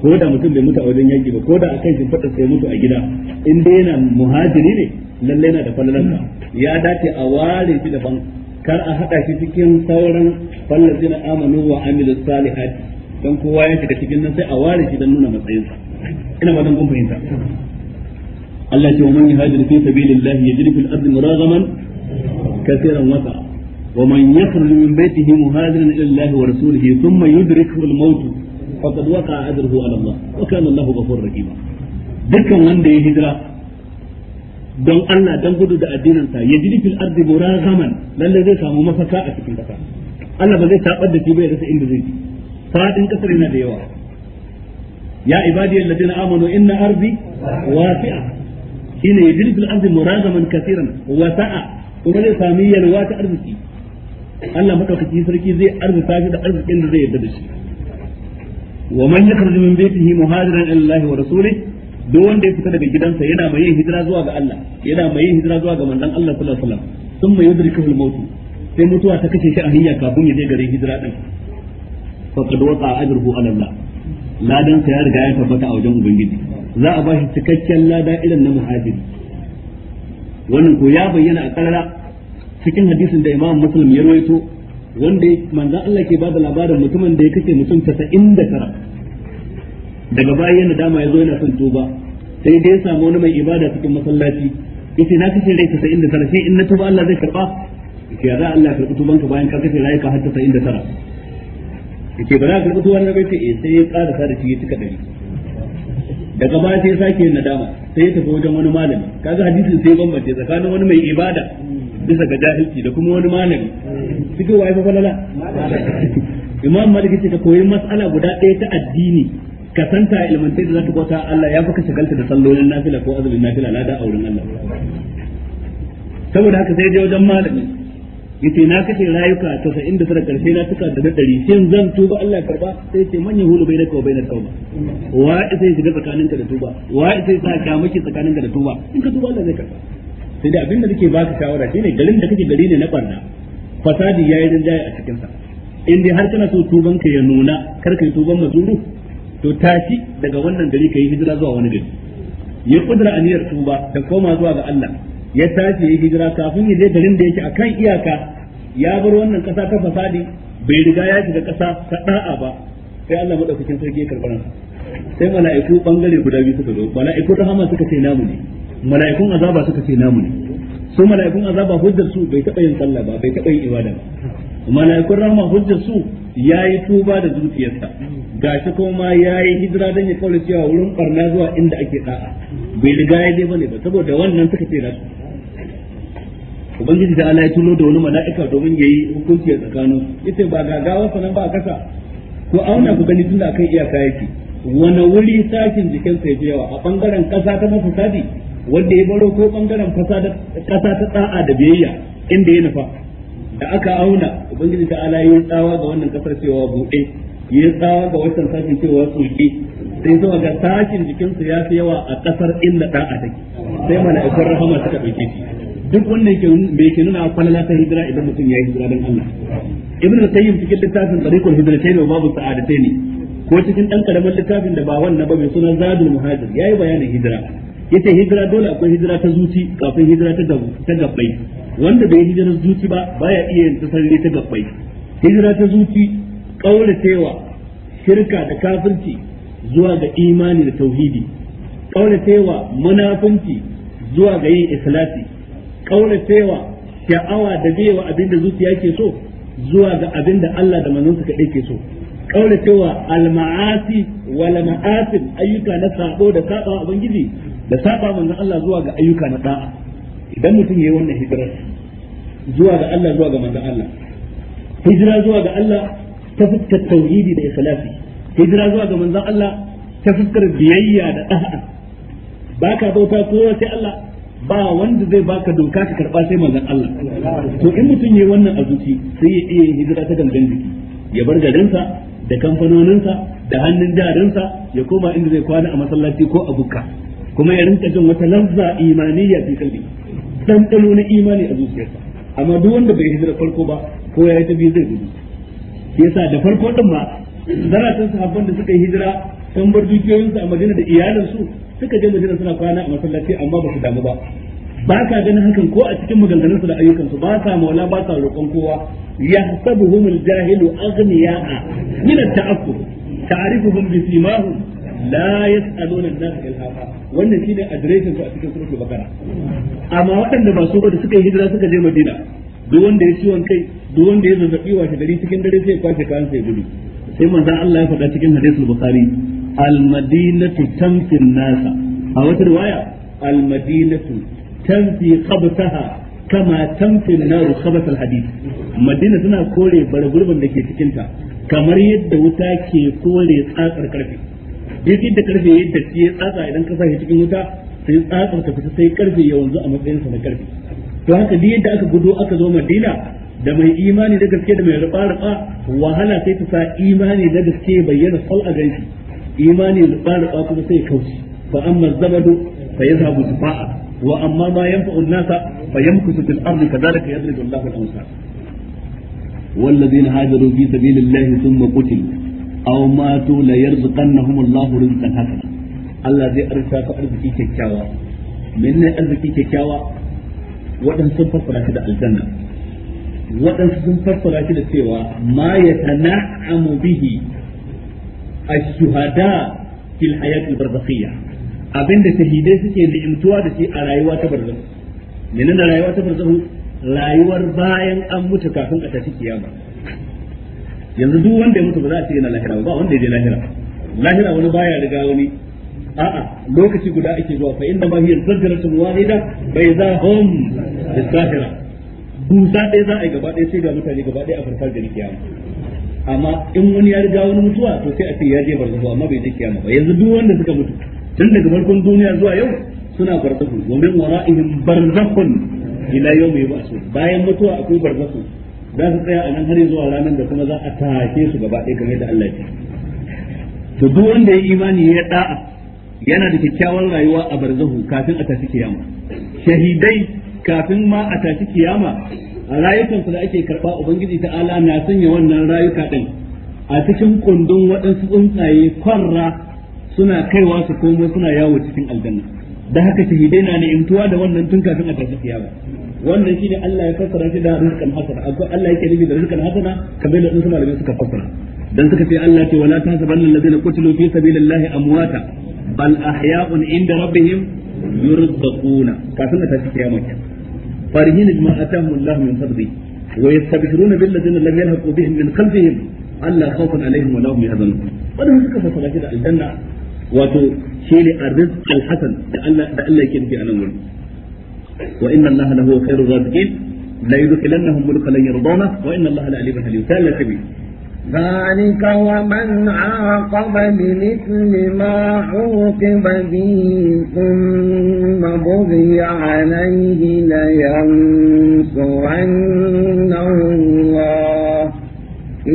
ko da mutum bai mutu a wajen yaki ba ko da akan shi fata sai mutu a gida in yana muhajiri ne lalle yana da ya dace a ware shi daban kar a haɗa shi cikin sauran fallasina amanu wa amilus salihati don kowa ya shiga cikin nan sai a ware shi don nuna matsayinsa ina ba don kun fahimta Allah ce wa man yahajiru fi sabilillah yajri fil ardi muragaman kaseeran wasa wa man yakhruju min baytihi muhajiran ila Allah wa rasulihi thumma yudrikuhu al-maut faqad waqa'a ajruhu ala Allah wa kana Allah ghafurur rahim dukkan wanda ya hijira don Allah dan gudu da addininsa ya jiri fil ardi muragaman lalle zai samu mafaka a cikin kasa Allah ba zai tabar da shi bai rasa inda zai ji fadin kasar yana da yawa ya ibadi alladheena amanu inna ardi wasi'a shine yajri fil ardi muragaman kaseeran wa sa'a kuma zai sami yalwa ta arziki Allah madaukaki sarki zai arzuta shi da arzikin da zai yarda da shi wa man yakhruju min baytihi muhajiran ila Allah wa rasulihi duk wanda ya fita daga gidansa yana mai yin hijira zuwa ga Allah yana mai yin hijira zuwa ga manzon Allah sallallahu alaihi wasallam sun mai yudrikahu al-maut sai mutuwa ta kace shi a hanya kafin ya je garin hijira din faqad waqa ajruhu ala Allah ladan sa ya riga ya tabbata a wajen ubangiji za a bashi cikakken lada irin na muhajiri wannan ko ya bayyana a karara cikin hadisin da Imam Muslim ya rawaito wanda manzo Allah ke bada labarin mutumin da ya kace mutum 99 daga baya yana dama ya zo yana son tuba sai dai ya samu wani mai ibada cikin masallaci yace na kace rai 99 sai in na tuba Allah zai karba yace ya za Allah ya karbi tubanka bayan ka kace rai ka har 99 yake ba za ka rubuta wannan bai ce eh, sai ya ƙara sa da shi cika dari daga baya sai ya sake yin nadama sai ya tafi wajen wani malami kaga hadisin sai bambance tsakanin wani mai ibada bisa ga jahilci da kuma wani malami cikin wa fa falala imam malik ce ka koyi mas'ala guda ɗaya ta addini ka santa ilmantai da zaka bauta Allah ya fi ka shagalta da sallolin nafila ko azumin nafila da auren Allah saboda haka sai je wajen malami yace na kashe rayuka tsara karshe na tuka da 100 sai zan tuba Allah karba sai ce bai da bainaka bai da tauba wa sai shiga ka da tuba wa sai sa kyamaki ka da tuba in ka tuba Allah zai karba sai da abin da nake baka shawara shine garin da kake gari ne na barna fasadi yayi rinjaye a cikin sa in dai har kana so tuban ka ya nuna kar ka yi tuban mazuru to tashi daga wannan gari ka yi hijira zuwa wani gari ya kudura aniyar tuba da koma zuwa ga Allah ya tashi ya hijira kafin ya je garin da yake kan iyaka ya bar wannan kasa ta fasadi bai riga ya shiga kasa ta da'a ba sai Allah madaukakin sarki ya karɓar sai mala'iku bangare guda biyu suka zo mala'iku hama suka ce namu ne mala'ikun azaba suka ce namu ne su mala'ikun azaba hujjar su bai taɓa yin sallah ba bai taɓa yin ibada ba mala'ikun rahma hujjar su ya yi tuba da zuciyarsa gashi kuma yayi hijira dan ya kaura cewa wurin barna zuwa inda ake da'a bai riga ya je bane ba saboda wannan suka ce nasu ubangiji da Allah ya tuno da wani mala'ika domin yayi hukunci a tsakanin yace ba gagawa sanan ba kasa ko auna ku gani tunda akan iyaka yake wani wuri sakin jikinsa ya yawa a bangaren kasa ta sadi wanda ya baro ko bangaren kasa ta tsa'a da biyayya inda ya nufa da aka auna ubangiji ta ala yi tsawa ga wannan kasar cewa buɗe yi tsawa ga wancan sashen cewa tsuke sai zuwa ga sashen jikinsu ya fi yawa a kasar inda da'a take sai mana ikon rahama suka ɗauke shi duk wannan ke me ke nuna kwalala ta hijira idan mutum ya yi hijira don Allah ibn al cikin littafin tariqul hijratayn wa babu ne? ko cikin dan karamin littafin da ba wannan ba mai suna zadul muhajir yayi bayanin hijira yace hijira dole akwai hijira ta zuci kafin hijira ta ta gabbai wanda bai hijira zuci ba baya iya yin tasarri ta gabbai hijira ta zuci cewa shirka da kafirci zuwa ga imani da tauhidi cewa munafunci zuwa ga yin ikhlasi cewa sha'awa da biyewa abinda zuciya ke so zuwa ga abin da Allah da manzonsa kadai ke so kaula cewa al-ma'asi wal ma'asin ayyuka na sabo da saba ubangiji da saba manzon Allah zuwa ga ayyuka na da'a idan mutum yayi wannan hijira zuwa ga Allah zuwa ga manzon Allah hijira zuwa ga Allah ta fuskar tauhidi da ikhlasi hijira zuwa ga manzon Allah ta fuskar biyayya da da'a baka bauta kowa sai Allah ba wanda zai baka doka ka karba sai manzon Allah to in mutum yayi wannan azuki sai ya iya hijira ta gangan jiki ya bar garinsa da kamfanoninsa da hannun jarinsa ya koma inda zai kwana a masallaci ko a bukka kuma ya rinka jin wata lazza imaniyya fi kalbi dan dalo na imani a zuciyarsa amma duk wanda bai hijira farko ba ko ya ta biyu zai gudu yasa da farko din ma zaratan sahabban da suka yi hijira sun bar dukiyoyinsu a Madina da iyalansu suka je Madina suna kwana a masallaci amma ba su damu ba ba ka ganin hakan ko a cikin maganganunsu da ayyukansu ba sa maula ba sa roƙon kowa ya sabuhumul jahilu aghniya'a min at-ta'affur ta'rifuhum bi simahum la yas'aluna an-nas ilhafa wannan shine adireshin su a cikin suratul bakara amma waɗanda ba su ba da suka yi hijira suka je madina duk wanda ya ciwon kai duk wanda ya zazzabi washe gari cikin dare sai kwace kayan sai gudu sai manzon Allah ya faɗa cikin hadisul bukhari al-madinatu tamfi nasa a wata riwaya al-madinatu tamfi qabtaha kama tamfi naru khabath al-hadith madina tana kore bargurbin da ke cikin ta kamar yadda wuta ke kore tsatsar karfe duk da karfe ya datti ya tsatsa idan ka sa cikin wuta sai tsatsar ta fita sai karfe ya wanzu a matsayin sa na karfe to haka duk yadda aka gudo aka zo Madina da mai imani da gaske da mai rufa rufa wahala sai ta sa imani da gaske bayyana sal a ganshi imani rufa rufa kuma sai kauce fa amma zabadu fa yazhabu tufa'a wa amma ma yanfa'u an-nasa fa yamkusu fil ardi kadhalika yadribu Allahu al-amsal والذين هاجروا في سبيل الله ثم قتلوا aw matu la yarzuqannahum Allah rizqan hasana Allah zai arsa ka arziki kyakkyawa menene arziki kyakkyawa waɗansu sun fassara shi da aljanna waɗansu sun fassara shi da cewa ma yatana'amu bihi ash-shuhada fil hayat al-barzakhiyya abinda shahidai suke ni'imtuwa da shi a rayuwa ta barzakh menene rayuwa ta barzakh rayuwar bayan an mutu kafin a tafi kiyama yanzu duk wanda ya mutu ba za a ce yana lahira ba wanda ya je lahira lahira wani baya riga wani a'a lokaci guda ake zuwa fa inna ma hiya wani wahida bai za hum bisahira dusa ɗaya za a yi gaba ɗaya sai ga mutane gaba ɗaya a farfar da kiyama amma in wani ya riga wani mutuwa to sai a ce ya je barzahu amma bai je kiyama ba yanzu duk wanda suka mutu tun daga farkon duniya zuwa yau suna barzahu wa min wara'ihim barzakhun ila yawmi yub'asun bayan mutuwa akwai barzahu za su tsaya a nan har zuwa ranar da kuma za a tashe su gaba ɗaya kamar da Allah ya to duk wanda ya imani ya da'a yana da kyakkyawar rayuwa a barzahu kafin a tashi kiyama shahidai kafin ma a tashi kiyama rayukansu da ake karɓa, ubangiji ta'ala na sanya wannan rayuka din a cikin kundin waɗansu tsuntsaye kwarra suna kaiwa su komo suna yawo cikin aljanna da haka shahidai na ni'imtuwa da wannan tun kafin a tashi kiyama wannan shine Allah ya fassara shi da rizqan hasana akwai Allah yake nufi da rizqan hasana kamar da wasu suka fassara dan suka ce Allah ce wala tahsabanna qutilu fi sabilillahi amwata bal ahya'un inda rabbihim yurzaquna kafin ta ci kiyama ke farihin Allah min fadli wa yastabshiruna bil lam yalhaqu bihim min khalfihim alla khawfan alaihim wa lahum yahzanun wannan suka fassara shi da aljanna wato shine arzik alhasan da Allah da Allah yake nufi a nan wurin وإن الله لهو خير الرازقين لا يدخلنهم لن يرضونه وإن الله لعليم حليم سأل سبيل ذلك ومن عاقب بمثل ما عوقب به ثم بغي عليه لينصرنه الله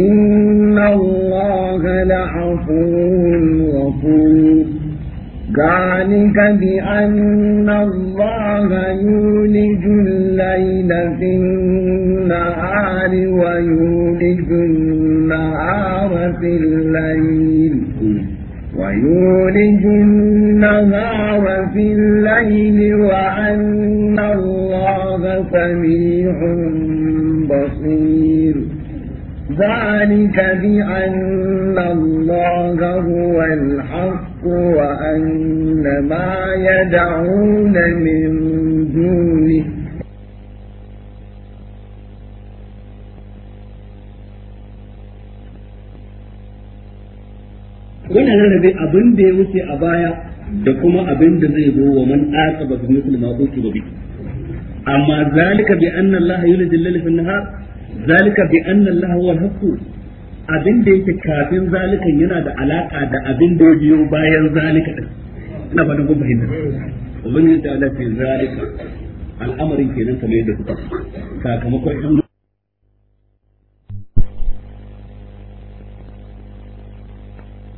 إن الله لعفو غفور ذلك بأن الله يولج الليل في النهار ويولج النهار في الليل ويولج النهار في الليل وأن الله سميع بصير ذلك بأن الله هو الحق وأن ما يدعون من دونه yana rarrabe abin da ya wuce a baya da kuma abin da zai zo wa man aqaba bi mithli ma uqiba bi amma zalika bi anna allaha yuliju al-layla fi an-nahar zalika bi anna allaha huwa al abin da yake kafin zalikan yana da alaka da abin da biyo bayan zalika din ina fatan kun fahimta ubangiji ta da ce zalika al'amarin kenan kamar yadda kuka sakamakon yan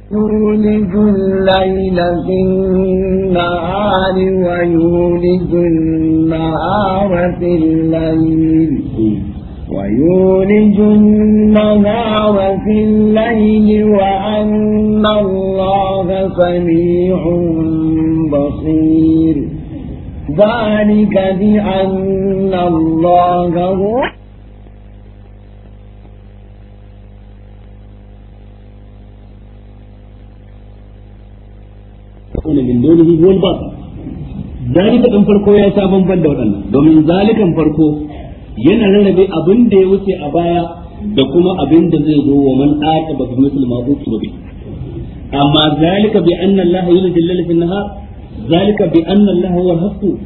يولج الليل في النهار ويولج النهار في الليل ويولج النهار في الليل وأن الله سميع بصير ذلك بأن الله هو من دونه هو الباطل ذلك أن فرقه يا شابا بندور دومين ذلك أن فرقه yana rarrabe abin da ya wuce a baya da kuma abin da zai zo wa man aqaba ba misl ma uqiba bi amma zalika bi anna Allah yulji lil fi nahar zalika bi anna Allah huwa al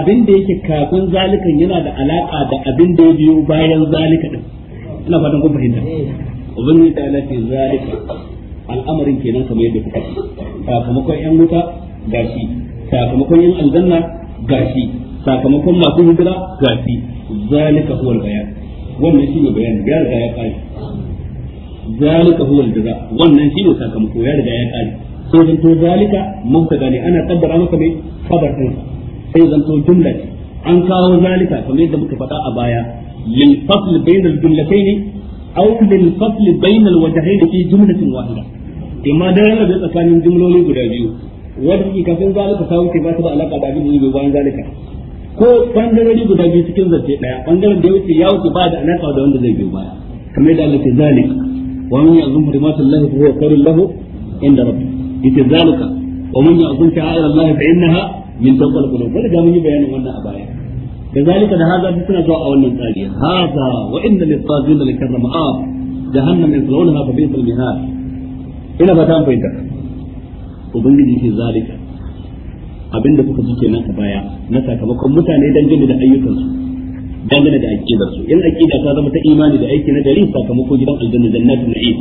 abin da yake kafin zalikan yana da alaka da abin da ya biyo bayan zalika din ina fatan kun fahimta ubangiji ta lafi zalika al'amarin kenan kamar yadda kuka sakamakon yan wuta gashi sakamakon yan aljanna gashi sakamakon masu hijira gashi zalika huwa bayan wannan shine bayan ya riga ya kare zalika huwa jaza wannan shine sakamako ya riga ya kare sai zan to zalika mubtada ne ana tabbara maka mai khabar din sai zan to jumla ce an kawo zalika kamar yadda muka faɗa a baya lil fasl bayna al jumlatayn aw lil fasl bayna al wajhayn fi jumlatin wahida imma dan rabe tsakanin jumloli guda biyu wanda kafin zalika ta wuce ba ta da alaka da abin da bayan zalika ko bangarori guda biyu cikin zance daya bangaren da ya wuce ya wuce ba da alaka da wanda zai biyo baya kamar da Allah ke wa man ya'zum hurmatullahi fa huwa khairul lahu inda rabbih yace zalika wa man ya'zum sha'air Allah fa innaha min taqwal qulub bal ga mun yi bayanin wannan a baya da zalika da haza suna zuwa a wannan tsari haza wa inna lit-taghin la karrama jahannam yaslawnaha fa bi'sal mihad ina ba ta fahimta ubangiji ke zalika abinda kuka ji kenan a baya na sakamakon mutane dangane da ayyukansu dangane da aqidar su in aqida ta zama ta imani da aiki na gari sakamako gidan aljanna jannatul na'im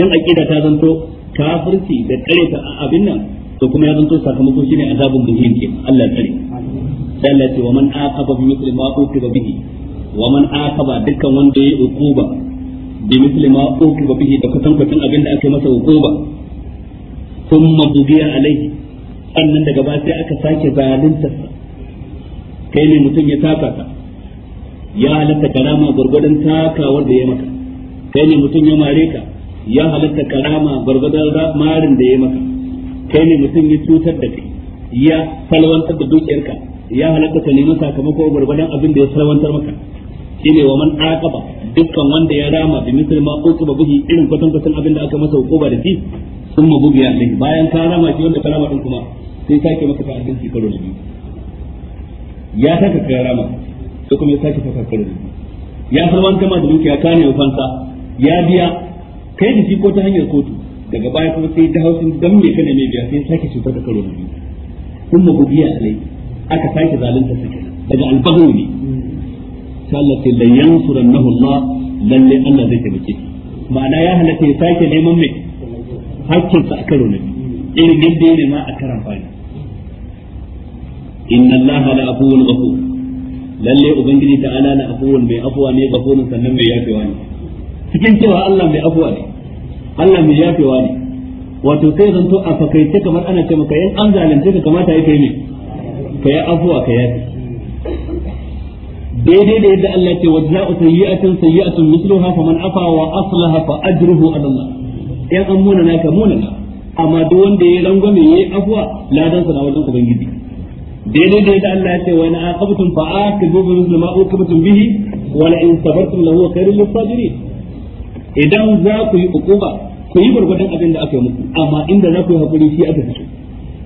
in aqida ta zanto kafirci da kare ta abin nan to kuma ya zanto sakamako shine azabun muhim ke Allah tsare sai Allah ce wa man aqaba bi mithli ma uqiba bihi wa man aqaba dukkan wanda ya uquba bi mithli ma uqiba bihi da kusan kusan abin da aka masa uquba thumma bugiya alaihi sannan daga ba sai aka sake zalunta kai ne mutum ya taka ka ya halatta karama gwargwadon taka da ya maka kai ne mutum ya mare ka ya halatta karama gwargwadon marin da ya maka kai ne mutum ya cutar da kai ya salwantar da ka ya halatta ka nemi sakamako gwargwadon abin da ya salwantar maka shine wa man aqaba dukkan wanda ya rama bi misal ma uqiba bihi irin kwatan kwatan abin da aka masa hukuma da shi sun mabubiya ne bayan ka rama shi wanda ka rama din kuma sai sake maka karo biyu ya saka karama sai kuma ya sake saka karo da biyu ya farwanta ma da dukiya ka fansa ya biya kai da shi ko ta hanyar kotu daga baya kuma sai da hausin dan me kana mai biya sai sake cutar da karo na biyu kuma bugiya alai aka sake zalunta sake daga albahu ne sai Allah sai la lalle Allah zai taimake ma'ana ya halatta ya sake neman mai hakkinsa a karo na biyu irin yadda ya nema a karan fari inna allaha la afuwun ghafur lalle ubangiji ta'ala na afuwun mai afuwa ne ghafurun sannan mai yafewa ne cikin cewa Allah mai afuwa ne Allah mai yafewa ne wato sai zanto a fakaice kamar ana ce maka yin an zalunce ka kamata ya kai ne ka yi afuwa ka yafe daidai da yadda Allah ce wajza'u sayyi'atin sayyi'atun mithluha man afa wa aslaha fa ajruhu ala Allah in an munana ka munana amma duk wanda ya rangwame yayi afuwa ladan sa na wajen ubangiji daidai da yadda Allah ya ce wani wa in aqabtum fa aqibu bi mithli ma uqibtum bihi wa la in sabartum lahu khairul lisabirin idan za ku yi ukuba ku yi gurgurdan abin da aka yi muku amma inda za ku yi hakuri shi aka fice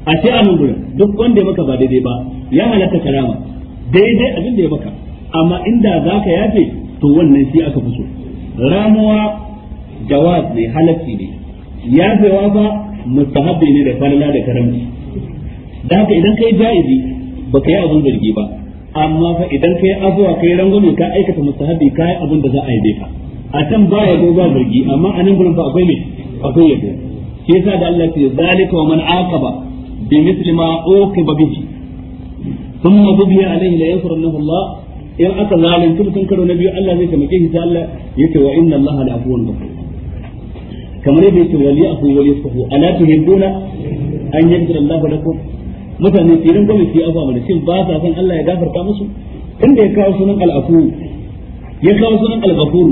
a ce a nan gurin duk wanda ya maka ba daidai ba ya halatta karama daidai abin da ya maka amma inda za ka yafe to wannan shi aka fi so ramuwa jawab ne halatti ne yafewa ba mustahabbi ne da falala da karamci da haka idan kai jaizi ka yi abun zargi ba amma fa idan kai abuwa kai rangwame ka aikata mustahabi yi abun da za a yi ka a can ba ya zo ba zargi amma a nan gurin ba akwai mai akwai yabo Ke sa da Allah ya zalika wa man aqaba bi misli ma uqiba bihi thumma dubiya alayhi la yasrunnahu Allah in aka zalunci mutum karo na biyu Allah zai taimake shi sai Allah yace wa inna Allah la afuwun ghafur kamar yadda yake wali afu wali yasfu ala tuhibbuna an yaghfira Allah lakum mutane firin ba ya afa mana shin ba sa san Allah ya gafarta musu tun da ya kawo sunan al'afu ya kawo sunan al'afu ghafur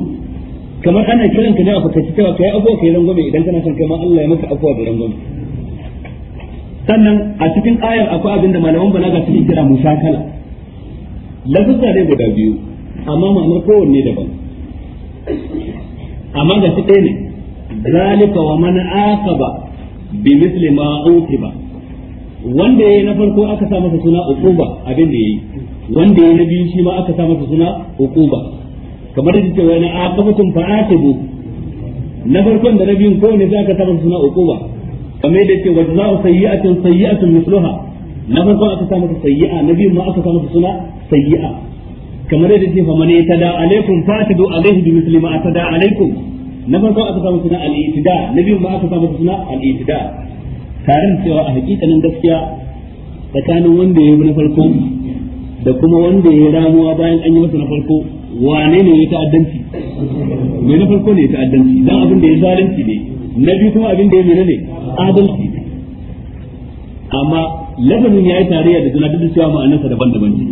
kamar ana kiran ka ne a fakaci cewa kai abuwa kai rangwame idan kana son kai ma Allah ya maka afuwa da rangwame sannan a cikin ayar akwai abin da malaman balaga suke kira musakala lafuzza dai guda biyu amma ma'anar kowanne daban amma ga su ɗaya ne zalika wa man aqaba bi misli ma utiba wanda yayi na farko aka sa masa suna uquba abin da yayi wanda yayi na biyu shi ma aka sa masa suna uquba kamar da cewa na aqabatum fa'atibu na farkon da na biyun ko ne zaka sa masa suna uquba kamar da cewa jaza'u sayyi'atin sayyi'atun misluha na farkon aka sa masa sayyi'a na biyun ma aka sa masa suna sayyi'a kamar da cewa man yatada alaikum fa'tadu alayhi bi mithli ma atada alaikum na farko aka sa masa suna al-itida na biyun ma aka sa masa suna al-itida tare da cewa a hakikanin gaskiya tsakanin wanda ya yi na farko da kuma wanda ya yi ramuwa bayan an yi masa na farko wane ne ya ta'addanci me na farko ne ya ta'addanci dan abin da ya zalunci ne na biyu kuma abin da ya mene ne adalci amma lafazin ya yi tarayya da suna duk da cewa ma'anarsa daban-daban ne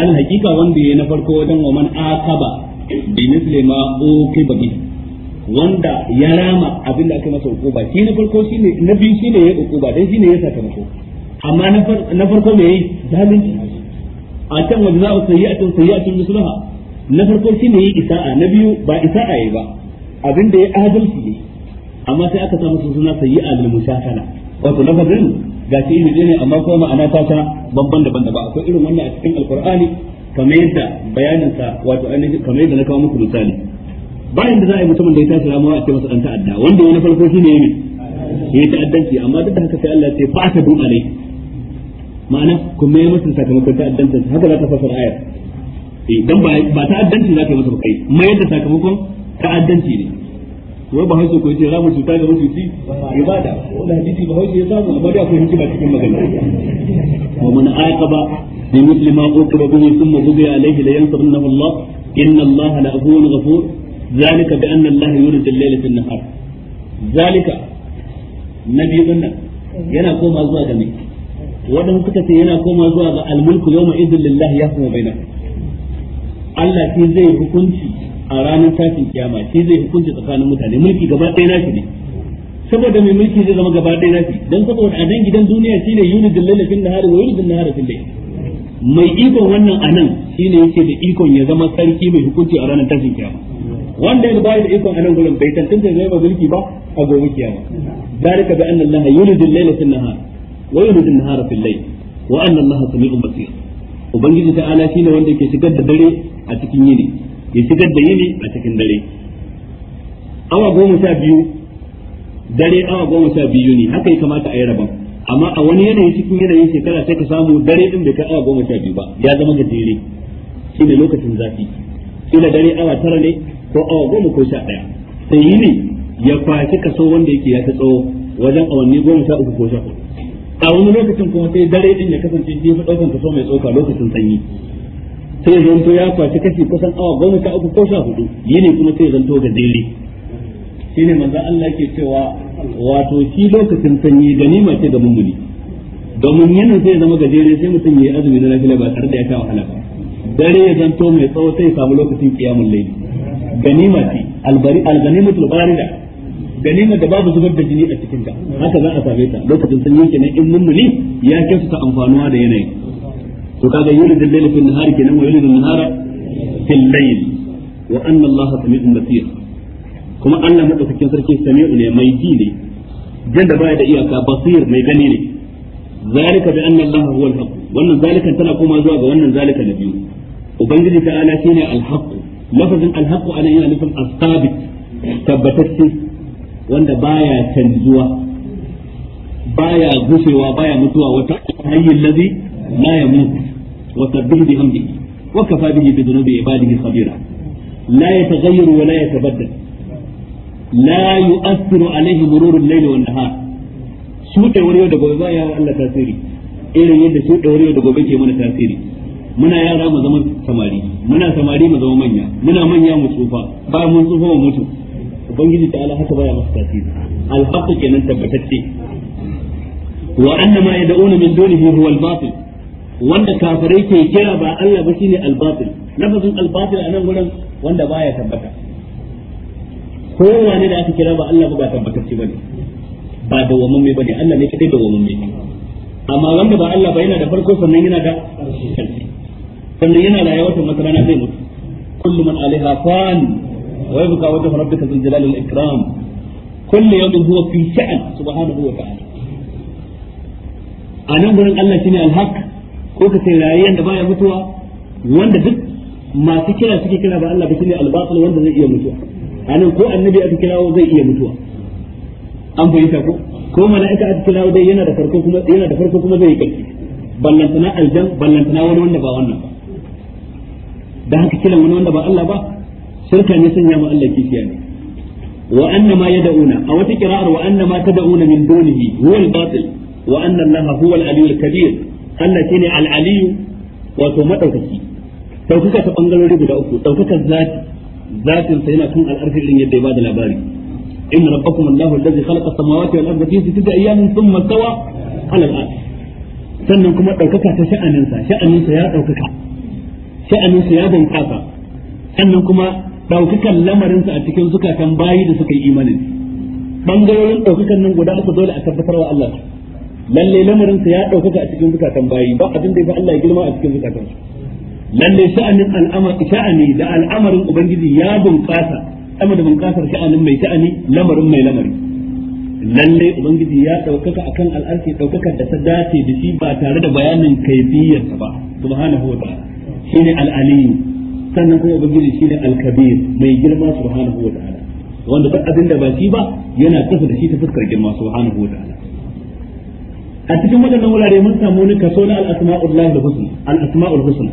al hakika wanda ya yi na farko wajen wa man akaba bi mislima ma uqiba wanda ya rama abin da aka masa hukuma shi na farko ne na biyu ne ya hukuma dan ne ya sakamako amma na farko me yayi zalunci a can wa jaza'u sayyi'atin sayyi'atin mislaha na farko shi ne yayi isa'a na biyu ba isa'a yayi ba abin da ya adalci ne amma sai aka samu suna sayyi'a lil mushakala wato na lafazin ga shi ne ne amma kuma ma'ana ta ta babban daban da ba akwai irin wannan a cikin alqur'ani kamar yadda bayanin sa wato ainihin kamar yadda na kawo muku misali bayan da za a yi mutumin da ya tashi ramawa a ce masa dan ta'adda wanda wani na farko shine yayi ya ta'addanci amma duk da haka sai Allah ya ce ba ta dun alai ma'ana kuma ya masa sakamakon ta'addancin haka za ta fasara ayar eh, don ba ba ta'addanci za ta yi masa ba kai mai yadda sakamakon ta'addanci ne wai bahaushe ko ce ramu cuta ga mutunci ibada wanda hadisi bahaushe ya samu amma da akwai hikima cikin magana wa man aqaba bi muslima bihi thumma alayhi la yansurunnahu Allah inna Allah ذلك بأن الله يولد الليل في النهار ذلك نبي قلنا yana koma zuwa ga mai wadanda ce yana koma zuwa ga almulku yawma idin lillahi ya kuma na. Allah shi zai hukunci a ranar tashin kiyama shi zai hukunci tsakanin mutane mulki gaba ɗaya ne saboda mai mulki zai zama gaba ɗaya nashi dan saboda a nan gidan duniya shine yulidul layla fil nahari wa yulidul nahara fil layl mai ikon wannan anan shine yake da ikon ya zama sarki mai hukunci a ranar tashin kiyama wanda yanzu bai da ikon a nan gurin bai tantance zai ba mulki ba a gobe kiyama dalika bi anna allaha yulidu al-layla fil nahar wa yulidu an-nahara fil layl wa anna allaha sami'un basir ubangiji ta ala shine wanda yake shigar da dare a cikin yini ya shigar da yini a cikin dare awa goma sha biyu dare awa goma sha biyu ne haka ya kamata a yi rabon amma a wani yanayi cikin yanayin shekara sai ka samu dare din bai kai awa goma sha biyu ba ya zama gajere shine lokacin zafi kila dare awa tara ne ko awa goma ko sha ɗaya sai yi ne ya kwashi kaso wanda yake ya ta tsawo wajen awanni goma sha uku ko sha hudu a wani lokacin kuma sai dare din ya kasance shi fi ɗaukan kaso mai tsoka lokacin sanyi sai zan zanto ya kwashi kashi kusan awa goma sha uku ko sha hudu yini kuma sai zan zanto ga shi ne maza Allah ke cewa wato shi lokacin sanyi ganima ce ga mummuni domin yanin sai zama gajere sai mutum ya yi azumi na lafiya ba tare da ya sha wahala ba dare ya zanto mai tsawo sai samu lokacin kiyamun laifi ganima ce albari alganimatul barida ganima da babu zubar da jini a cikin ta haka za a same ta lokacin sanyi kenan in mummuni ya kinsu ta amfanuwa da yanayi to kaga yulid al-layl fi an-nahari kenan wa yulid an-nahara fi wa anna Allah sami'un basir kuma Allah madaukakin sarki sami'u ne mai ji ne janda baya da iyaka basir mai gani ne zalika bi anna wannan tana koma zuwa ga wannan zalika na biyu ubangiji ta'ala shine al lafazin alhaqu anan yana nufin asabit tabbatacce wanda baya canzuwa baya gushewa baya mutuwa wata hayyin ladhi la yamut wa sabbihi bihamdihi wa kafa bihi bi dhunubi ibadihi khabira la yataghayyaru wa la yatabaddal la yu'athiru alayhi mururu al-layl wa an-nahar shudewar yau da gobe baya Allah tasiri irin yadda shudewar yau da gobe ke mana tasiri muna yara mu zama samari muna samari mu zama manya muna manya mu tsufa ba mun tsufa mu mutu ubangiji ta Allah haka baya masa tasiri alhaqu kenan tabbatacce wa annama ma yad'una min dunihi huwa al-batil wanda kafirai ke kira ba Allah ba shine al-batil lafazin al-batil anan gurin wanda baya tabbata kowane da aka kira ba Allah ba tabbatacce bane ba dawwamamme bane Allah ne kadai dawwamamme amma wanda ba Allah ba yana da farko sannan yana da ƙarshe sannan yana da raye wata masarana zai mutu kullu man alaiha fan wa yabqa wajhu rabbika dhul jalali wal ikram kullu yawmin huwa fi sha'an subhanahu wa ta'ala anan gurin Allah shine al-haq ko ka sai rayayyan da baya mutuwa wanda duk masu kira suke kira ba Allah ba shine al-batil wanda zai iya mutuwa anan ko annabi aka kirawo zai iya mutuwa an fahimta ko ko mala'ika aka kirawo dai yana da farko kuma yana da farko kuma zai yi kai ballantana aljan ballantana wani wanda ba wannan ba da haka kiran wani wanda ba Allah ba shirka ne sanya ma Allah kishiya ne wa anna ma yad'una a wata qira'ar wa anna ma tad'una min dunihi huwa al-batil wa anna Allah huwa al-aliyyul kabir Allah shine al-aliyyu wato madaukaki daukaka ta bangarori guda uku daukakar zati zatin sa yana kan al'arfi irin yadda ya bada labari إن ربكم الله الذي خلق السماوات والأرض في ستة أيام ثم استوى على الأرض sannan kuma ɗaukaka ta sha'aninsa sha'aninsa ya ɗaukaka sha'anin su ya bunƙasa sannan kuma ɗaukakan lamarin su a cikin zukatan bayi da suka yi imanin bangarorin ɗaukakan nan guda uku dole a tabbatar wa Allah lalle lamarin su ya ɗaukaka a cikin zukatan bayi ba abin da ya Allah ya girma a cikin zukatan su lalle sha'anin al'amari sha'ani da al'amarin ubangiji ya bunƙasa sama da bunƙasar sha'anin mai sha'ani lamarin mai lamari lalle ubangiji ya ɗaukaka akan al'arshi daukakar da ta dace da shi ba tare da bayanin kaifiyarsa ba subhanahu wa ta'ala shine al-aliyu sannan kuma ubangiji shine al-kabir mai girma subhanahu wa ta'ala wanda duk abin da ba shi ba yana kasa da shi ta fuskar girma subhanahu wa ta'ala a cikin wadannan wurare mun samu wani kaso na al-asma'ul lahi husna al-asma'ul husna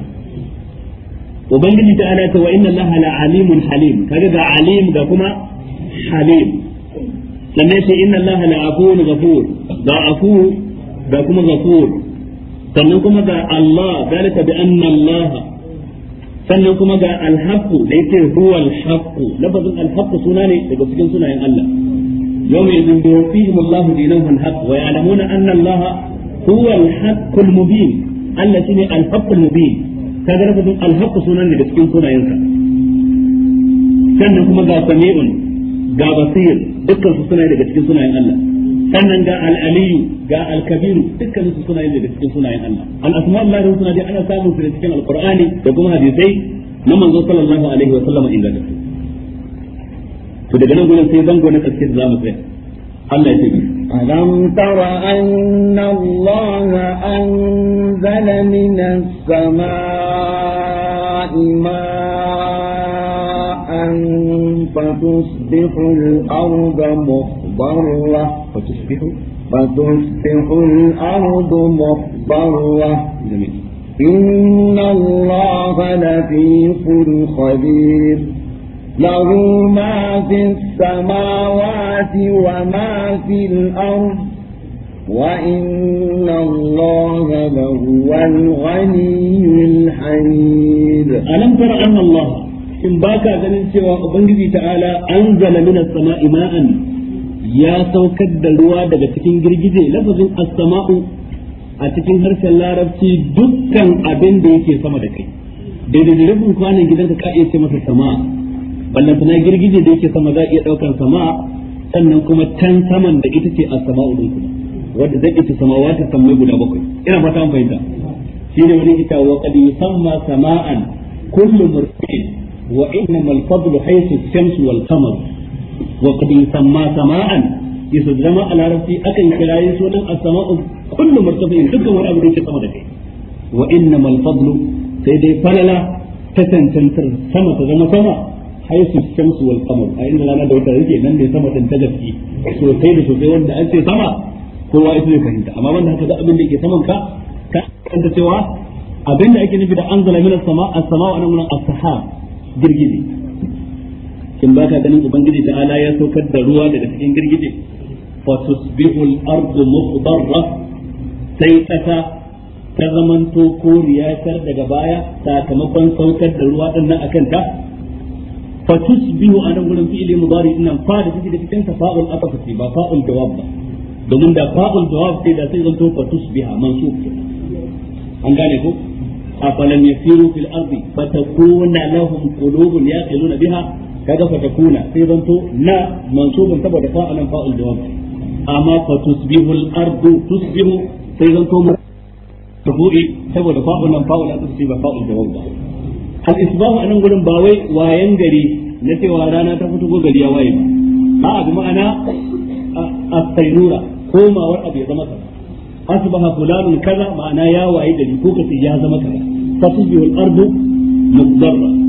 ubangiji ta ana ta wa inna allaha la alimun halim kaga ga alim da kuma halim sannan sai inna allaha la afuwun ghafur ga afu da kuma ghafur sannan kuma ga Allah zalika bi anna Allah sannan kuma ga al-haqq da yake huwa al-haqq lafazin al-haqq suna ne daga cikin sunayen Allah yawma yuzin bi yuqihim Allah dinahum al-haqq wa ya'lamuna anna Allah huwa al-haqq al-mubin Allah shine al-haqq al-mubin kaga lafazin al-haqq suna ne daga cikin sunayen sunayensa sannan kuma ga sami'un ga basir dukkan su suna daga cikin sunayen Allah sannan ga al ga al-kabiru dukkan su suna yin daga cikin sunayen Allah al suna dai ana samun su cikin al-qur'ani da kuma hadisai na manzo sallallahu alaihi wa sallam inda da to daga nan gurin sai zango na kaske da zamu tsaya Allah ya tabi alam tara anna Allah anzala samaa'i ma'an fatusbihu al-ardu مضطرة فتصبح فتصبح الأرض مخضرة جميل إن الله لطيف خبير له ما في السماوات وما في الأرض وإن الله لهو الغني الحميد ألم تر أن الله إن باكا ذنب سوى أبنجي تعالى أنزل من السماء ماء ya saukar da ruwa daga cikin girgije lafazin a cikin harshen larabci dukkan abin da yake sama da kai daidai da rufin kwanan ka iya ce masa ballan tana girgije da yake sama za iya sannan kuma can saman da ita ce din kuma wanda zai ita sammai guda bakwai ina fata an fahimta wani ita wa yusamma sama'an kullu wa innamal fadlu haythu shamsu wal wa qad yusamma zama a larabci akan kira yin sunan as-sama'u kullu martabin dukkan wani abu da yake sama da kai wa innamal fadlu sai dai falala ta tantantar a inda rana da ake nufi da kin baka ganin ubangiji ta ala ya saukar da ruwa daga cikin girgije fa tusbihul ardu mukhdarra sai kasa ta zamanto koriya tar daga baya sakamakon saukar da ruwa din nan akan ta fa tusbihu anan gurin fi'li mudari din nan fa da take da cikin ta fa'ul atafati ba fa'ul jawab ba domin da fa'ul jawab sai da sai zanto fa tusbiha mansub an gane ko أفلم يسيروا في الأرض فتكون لهم قلوب يعقلون biha. kaga fa takuna sai zanto na mansubun saboda fa'alan fa'il jawab amma fa tusbihul ardu tusbihu sai zanto tabu'i saboda fa'alan fa'il aka ce ba fa'il jawab ba al isbahu anan gurin ba wai wayan gari na cewa rana ta fito gari ya waye ba a'a bi ma'ana as-sayrura komawar abu ya zama kaza asbaha fulanun kaza ma'ana ya waye gari ko kace ya zama kaza fatusbihul ardu mudarra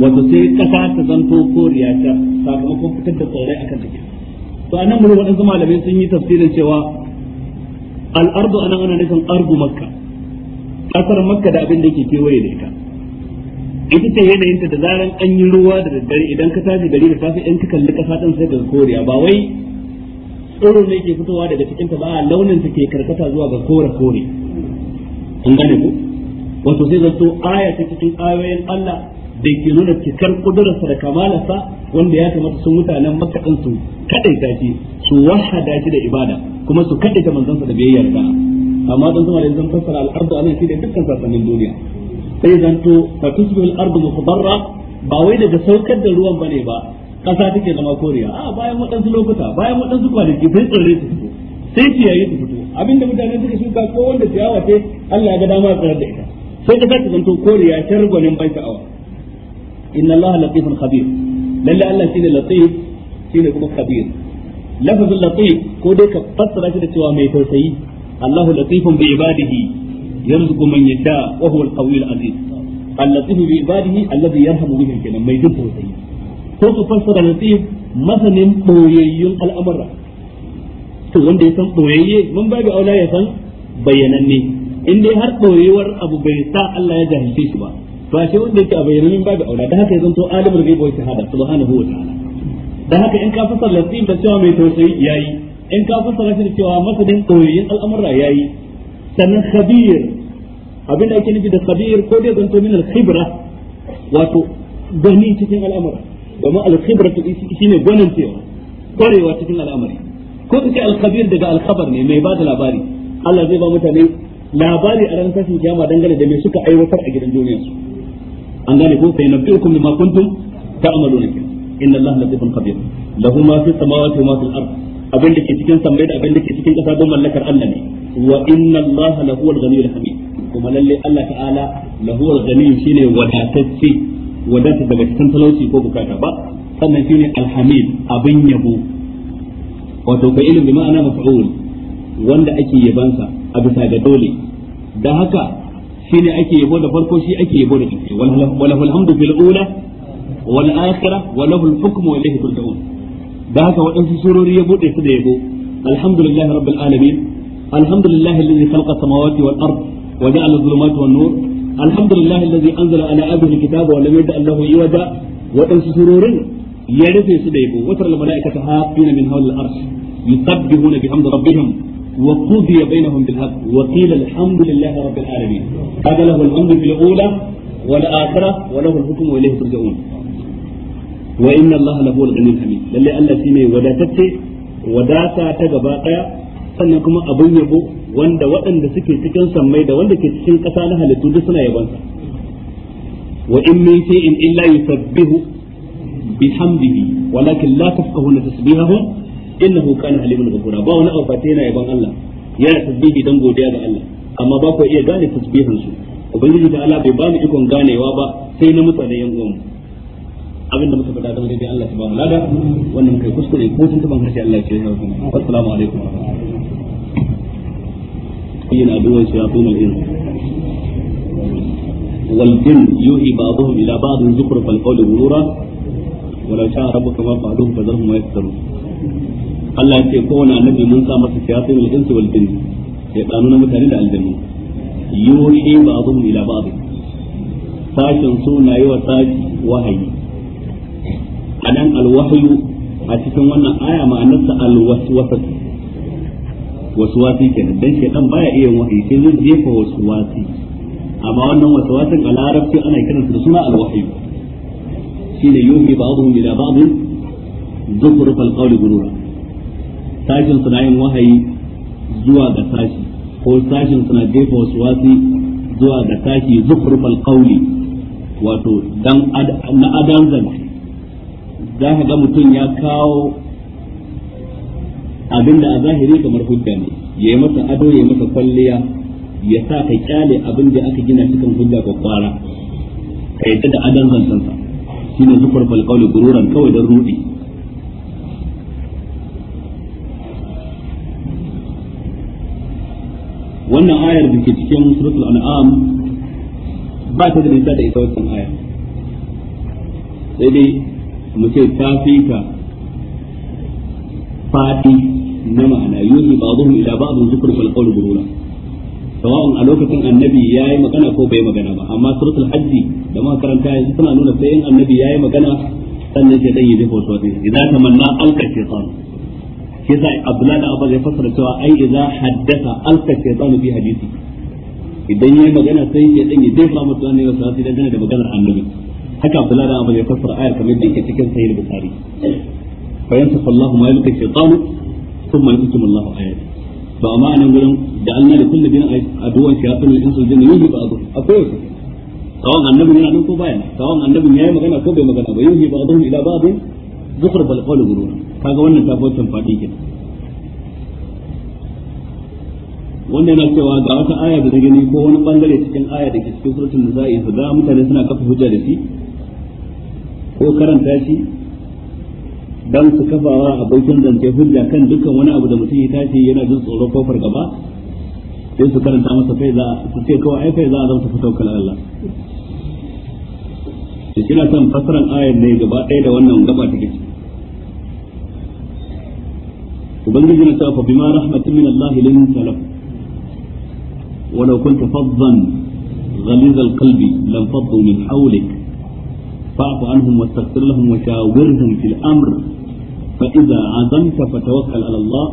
wato sai kasa ta zanto koriya ta sakamakon fitar da tsirrai akan take to anan mun wadansu malamai sun yi tafsirin cewa al-ardu anan ana nufin ardu makka kasar makka da abin da yake kewaye da ita ita ce yanayinta da zaran an yi ruwa da daddare idan ka tashi gari da safe in ka kalli kasa din sai ga koriya ba wai tsoro ne ke fitowa daga cikin ta ba launin ta ke karkata zuwa ga kore kore an gane ku wato sai zanto aya ta cikin ayoyin Allah da ke nuna cikar kudurarsa da kamalarsa wanda ya kamata sun mutanen makka din su kadaita shi su wahada shi da ibada kuma su kadaita manzansa da biyayyar da amma dan zuma da zan fassara al-ardu anan shi da dukkan sassanin duniya sai zanto fatusbihu al-ardu mukhdarra ba wai daga saukar da ruwan bane ba kasa take zama koriya a bayan waɗansu lokuta bayan waɗansu kwanaki sai tsirrai su fito sai ciyayi su fito abinda mutane suka shuka ko wanda ciyawa ce Allah ya ga dama tsirar da ita sai kasa ta zanto koriya ta gwanin ban sha'awa inna allaha latifun khabir lalle Allah shine latif shine kuma khabir lafazul latif ko dai ka fassara shi da cewa mai tausayi Allahu latifun bi ibadihi yarzuqu man yasha wa huwa al-qawiyyu aziz al bi ibadihi alladhi yarhamu bihim kenan mai jin tausayi ko ku fassara latif masanin boyayyun al'amura to wanda ya san boyayye mun babu aula ya san bayyananne in dai har boyewar abu bai sa Allah ya jahilce shi ba to ashe wanda yake a bayyana min babu aula da haka ya zanto alimul ghaibi wa shahada subhanahu wa ta'ala dan haka in ka fassara latif da cewa mai tausayi yayi in ka fassara shi da cewa masadin koyoyin al'amura yayi sannan khabir abin da ake nufi da khabir ko dai zanto min al-khibra wato gani cikin al'amura domin al-khibra shine gwanin cewa kwarewa cikin al'amari ko kace al-khabir daga al-khabar ne mai bada labari Allah zai ba mutane labari a ran tashin kiyama dangane da me suka aiwatar a gidan duniyarsu an gane ko sai nabbiukum bima kuntum ta'maluna kin inna allaha latifun khabir lahu ma fi samawati wa ma fil ard abin da ke cikin sammai da abin da ke cikin kasa don mallakar Allah ne wa inna allaha lahu al-ghaniyyul hamid kuma lalle Allah ta'ala lahu al-ghaniyyul shine wadatacce wadata daga cikin talauci ko bukata ba sannan shine al-hamid abin yabo wato fa ilmi ma'ana maf'ul wanda ake yabansa a bisa ga dole da haka shine ake yabo da farko shi ake yabo da ƙarshe walahul hamdu fil ula wal akhirah walahul hukmu wa ilayhi turja'un da haka waɗansu surori ya bude su da yabo alhamdulillahi rabbil alamin alhamdulillahi alladhi khalaqa samawati wal ard wa ja'ala adh-dhulumati wan nur alhamdulillahi alladhi anzala ala abdihi alkitaba wa lam yad'a lahu iwaja waɗansu surorin ya rufe su da yabo watar malaikata hafina min hawlil arsh yusabbihuna bihamdi rabbihim وقضي بينهم بالحق وقيل الحمد لله رب العالمين هذا له الحمد في الأولى والآخرة وله الحكم وإليه ترجعون وإن الله لهو الغني الحميد للي ألا سيني وداتتي وداتا تجباقيا sannan kuma abin yabo wanda waɗanda suke cikin sammai da wanda ke cikin ƙasa na halittu duk suna yabonsa wa in min shay'in illa yusabbihu bihamdihi walakin la tafqahuna tasbihahum innahu kana halimun ghafura ba wani abata yana yaban Allah yana tasbihi dan godiya ga Allah amma ba ku iya gane tasbihin su ubangiji da Allah bai ba mu ikon ganewa ba sai na mutane yan uwan abin da muka faɗa da dai Allah subhanahu wa ta'ala wannan kai kuskure ko tun taban harshe Allah ya ce assalamu alaikum yana duwan ولو شاء ربك ما فعلوه فذرهم Allah ya ce kowane annabi mun sa masa siyasa al-insi wal ya shaytanu na mutane da aljannu yuhi ba'dhum ila ba'd Sashen so na yi wa sashi wahayi anan alwahyu a cikin wannan aya ma'anarsa al-waswasa waswasi kenan dan dan baya iya wahayi sai zai jefa waswasi amma wannan waswasin a larabci ana kiransa da suna al-wahyu shine yuhi ba'dhum ila ba'd zukhruf fal qawl gurura sashin suna yin wahayi zuwa ga sashi ko sashin suna jefa wasu wasi zuwa ga sashi zukhruf fal qawl wato dan na adan zan za ga mutum ya kawo abinda a zahiri kamar hujja ne ya yi masa ado ya yi masa kwalliya ya sa ka kyale abin da aka gina cikin hujja ko kwara ka yadda da adan zantansa shine zufar fal qawli gururan kawai dan rudi wannan ayar da ke cikin suratul an'am ba ta da nisa da ita wannan ayar sai dai mu ce ta fi ka fadi na ma'ana yuhi ba'dhum ila ba'dhin zikr fal qawl burura sawa'un a lokacin annabi yayi magana ko bai magana ba amma suratul hajji da makaranta karanta yanzu tana nuna sai in annabi yayi magana sannan sai dan yi dafa wasu idan tamanna alqa shaytan yasa Abdullah da Abbas ya fassara cewa ai idza haddatha alqa shaytanu fi hadisi idan yayi magana sai ya dan ya jefa musu ne wasu sai dangane da maganar annabi haka Abdullah da Abbas ya fassara ayar kamar da yake cikin sahih Bukhari fa yansafu Allah ma yulqa shaytanu thumma yunsimu Allah ayati to amma anan gurin da Allah da kullu bin aduwan shaytanu insul jinni yuhi ba abu akwai wasu kawan annabi yana nan ko baya kawan annabi yayi magana ko bai magana ba yuhi ba abu ila ba'dhin zukhruf al-qawl ghurura kaga wannan ta bautan fadi kenan wannan yana cewa ga wata aya da gani ko wani bangare cikin aya da ke cikin da suratul su da mutane suna kafa hujja da shi ko karanta shi don su kafa wa abokin zance hujja kan dukkan wani abu da mutum ya tashi yana jin tsoron kofar gaba sai su karanta masa fai za su ce kawai ai fai za a zama fito kala Allah shi na son fasaran ayar ne gaba ɗaya da wannan gaba take ciki ubangiji na ta fa bima rahmatin min Allah linta lahu ولو كنت فظا غليظ القلب لانفضوا من حولك فاعف عنهم واستغفر لهم وشاورهم في الامر فاذا عزمت فتوكل على الله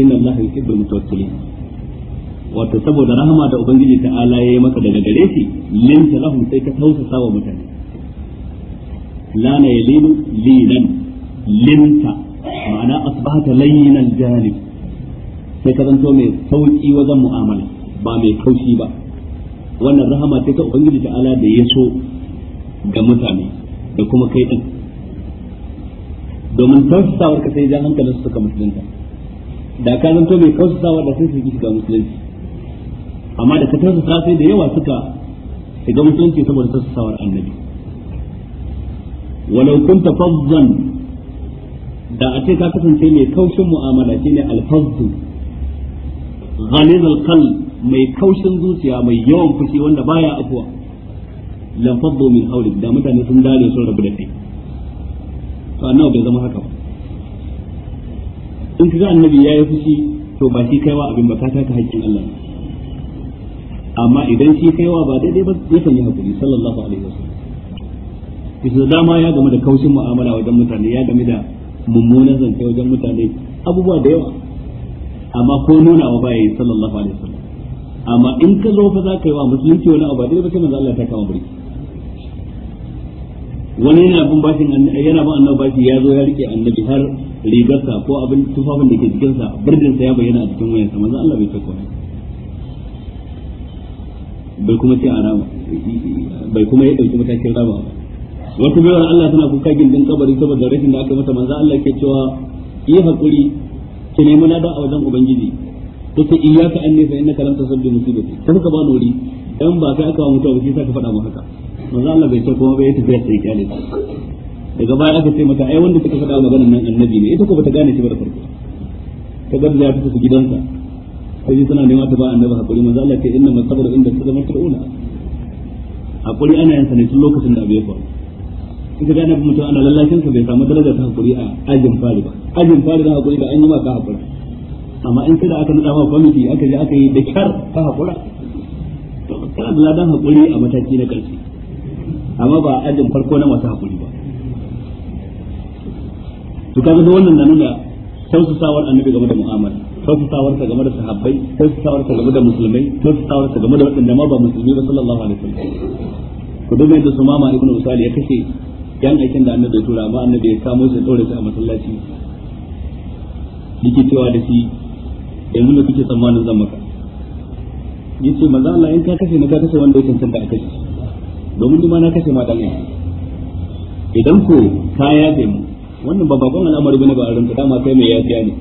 ان الله يحب المتوكلين wato saboda rahama da ubangiji ta ala yayi maka daga gare shi linta lahum sai ka tausasa wa mutane lana yalinu linan linta ma'ana asbahata layyinan janib sai ka zanto mai sauki wajen mu'amala ba mai kaushi ba wannan rahama ta ta ubangiji ta'ala da ya so ga mutane da kuma kai din domin tausasawar ka sai jan hankalin suka musulunta da ka zanto mai tausasawa da sai su shiga musulunci amma da ka tausasa sai da yawa suka shiga musulunci saboda tausasawar annabi ولو كنت fazzan da a ce ka kasance mai kaushin mu'amala shine alfazdu ghaliz alqal mai kaushin zuciya mai yawan fushi wanda baya afuwa lan faddu min hawlik da mutane sun dare sun rabu da kai to annabi bai zama haka ba in kaga annabi yayi fushi to ba shi kaiwa abin ba ka taka haƙƙin Allah amma idan shi kaiwa ba daidai ba ya sanya hakuri sallallahu alaihi wasallam kisa dama ya game da kaushin mu'amala wajen mutane ya game da mummunan zance wajen mutane abubuwa da yawa amma ko nuna wa baya sallallahu alaihi wasallam amma in ka zo fa za ka yi wa musulunci wani abu dai ba sai manzo Allah ta kama burki wani yana bin bashin yana bin annabi bashi ya zo ya rike annabi har rigarsa ko abin tufafin da ke jikinsa birdin sa ya bayyana a cikin wayansa manzo Allah bai tsoko bai kuma ce a bai kuma ya dauki matakin rama ba wasu bayan Allah suna kuka gindin kabari saboda rashin da aka mata manzo Allah ke cewa yi hakuri ki nemi nada a wajen ubangiji ce sai iyyaka anni fa innaka lam tasabbi musibati ta suka ba nuri dan ba sai aka wa mutuwa sai ka faɗa mu haka manzo Allah bai ce kuma bai yi tafiya sai kyale daga baya aka ce mata ai wanda suka faɗa maganar nan annabi ne ita ko bata gane shi ba da farko ta garza ya fita su gidansa sai yi suna nema ta ba annabi hakuri manzo Allah ce inna masabru inda sabra mar'una hakuri ana yin sa ne tun lokacin da abu ya faru in ka gane mutum ana lallashin sa bai samu darajar ta hakuri a ajin fari ba ajin fari da hakuri da an yi maka hakuri amma in sai da aka nuna ma kwamiti aka je aka yi da kyar ta hakura to kana da ladan hakuri a mataki na karshe amma ba ajin farko na masu hakuri ba to ka ga wannan na nuna tausasawar annabi game da mu'amala tausasawar ta game da sahabbai tausasawar ta game da musulmai tausasawar ta game da waɗanda ma ba musulmi ba sallallahu alaihi wasallam ko duba yadda su mama ibnu usali ya kace yan aikin da annabi ya tura amma annabi ya kamo shi tsore shi a masallaci yake cewa da shi yanzu da kike tsammanin zan maka yace manzo Allah in ka kashe na ka kashe wanda yake tantance a kashe domin duma na kashe ma dan idan ko kaya da mu wannan ba babban al'amari bane ba a rinka dama kai mai yafiya ne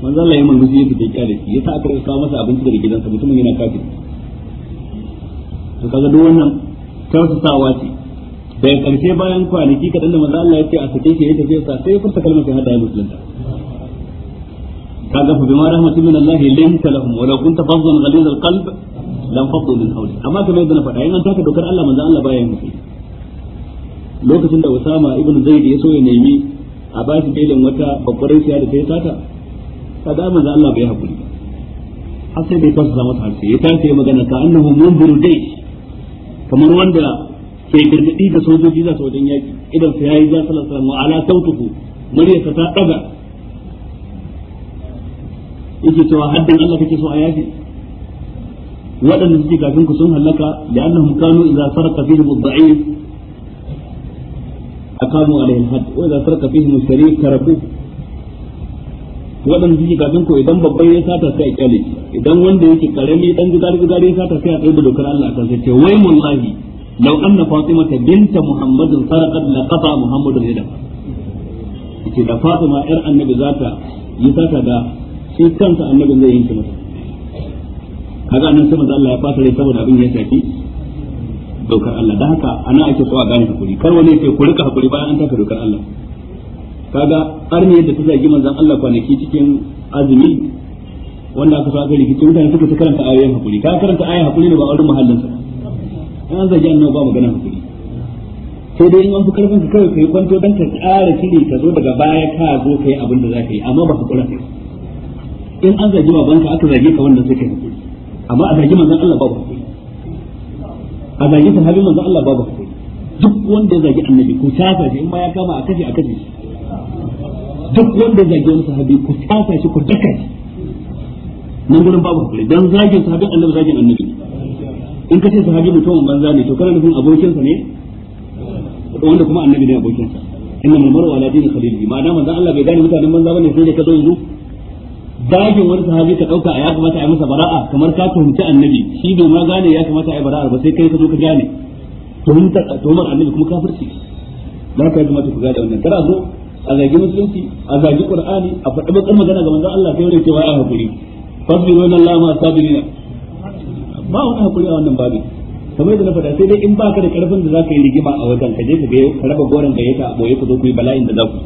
manzo Allah ya manzo shi yake kike da shi yasa aka kawo masa abinci daga gidansa mutumin yana kafin to kaga duk wannan tausasawa ce da ya karshe bayan kwanaki kadan da manzo Allah ya ce a sake shi ya tafi sa sai ya furta kalmar shahada ya musulunta kaga fa bima rahmatin min Allah linta lahum wa law kunta fazzan ghaliz al lam faddu min hawli amma kamar yadda na faɗa in an taka dokar Allah manzo Allah baya yin musulunta lokacin da Usama ibn Zaid ya so ya nemi a ba shi bailin wata babbar rikiya da ta yi sata kaga manzo Allah bai hakuri har sai bai fasa masa harshe ya tace magana ka annahu munziru dai kamar wanda sai gargadi da sojoji za su wajen yaki idan sa yayi za sallallahu alaihi wa ala sautuhu muryarsa ta daga yake cewa haddan Allah kake so a yaki waɗanda suke kafin ku sun halaka da annahum kanu idza sarqa fihi mudda'in akamu alaihi al-hadd wa idza sarqa fihi al-sharif karabu waɗanda suke kafin ku idan babban ya sata sai a kyale idan wanda yake karami dan gidar gidar ya sata sai a tsaye da dokar Allah kan sai ce wai mun mullahi law anna fatimata binta muhammadin sarqat laqata muhammadun yada yace da fatima yar annabi zata yi sata da shi kansa annabi zai yanke mata kaga annan sai manzo Allah ya fata rai saboda abin ya shafi dokar Allah dan haka ana ake so a gane hakuri kar wani ya an Allah kaga arniyar da ta zagi manzon Allah kwanaki cikin azumi wanda aka sa aka mutane suka ta karanta ayoyin hakuri ka karanta ayoyin hakuri ne ba a wurin muhallinsa in an zargi annabi ba magana hakuri sai dai in an fi karfin ka kai kwanto dan ka ƙara shiri ka zo daga baya ka zo kai abin da zaka yi amma ba kula kai in an zargi banka aka zargi ka wanda sai kai hakuri amma a zargi manzon Allah babu hakuri a zargi halin manzon Allah babu hakuri duk wanda ya zargi annabi ko tasa shi in ma ya kama a kashe a kashe duk wanda ya zagi wani sahabi ku tasa shi ku daka shi nan gurin babu hakuri dan zagin sahabin annabi zagin annabi in ka ce sahabi mutumin banza ne to kana nufin abokinsa ne wanda kuma annabi ne abokinsa inna mal mar'u ala dini khalilihi ma'ana manzo Allah bai gane mutanen banza bane sai da ka zo yanzu dagin wani sahabi ka dauka a ya kamata a yi masa bara'a kamar ka tuhunci annabi shi bai ma gane ya kamata a yi bara'a ba sai kai ka zo ka gane Tuhunta tuhumar annabi kuma kafirci da ka yi kamata ku gane wannan kada zo a zagi musulunci a zagi qur'ani a faɗi bakan magana ga manzo Allah sai wani cewa ya hakuri fasbiru inna Allah ma sabirina ba wani hakuri a wannan babin kamar yadda na faɗa sai dai in ba ka da ƙarfin da zaka yi rigima a wajen ka je ka ga ka raba goren gayyata a boye ka zo ku yi bala'in da za ku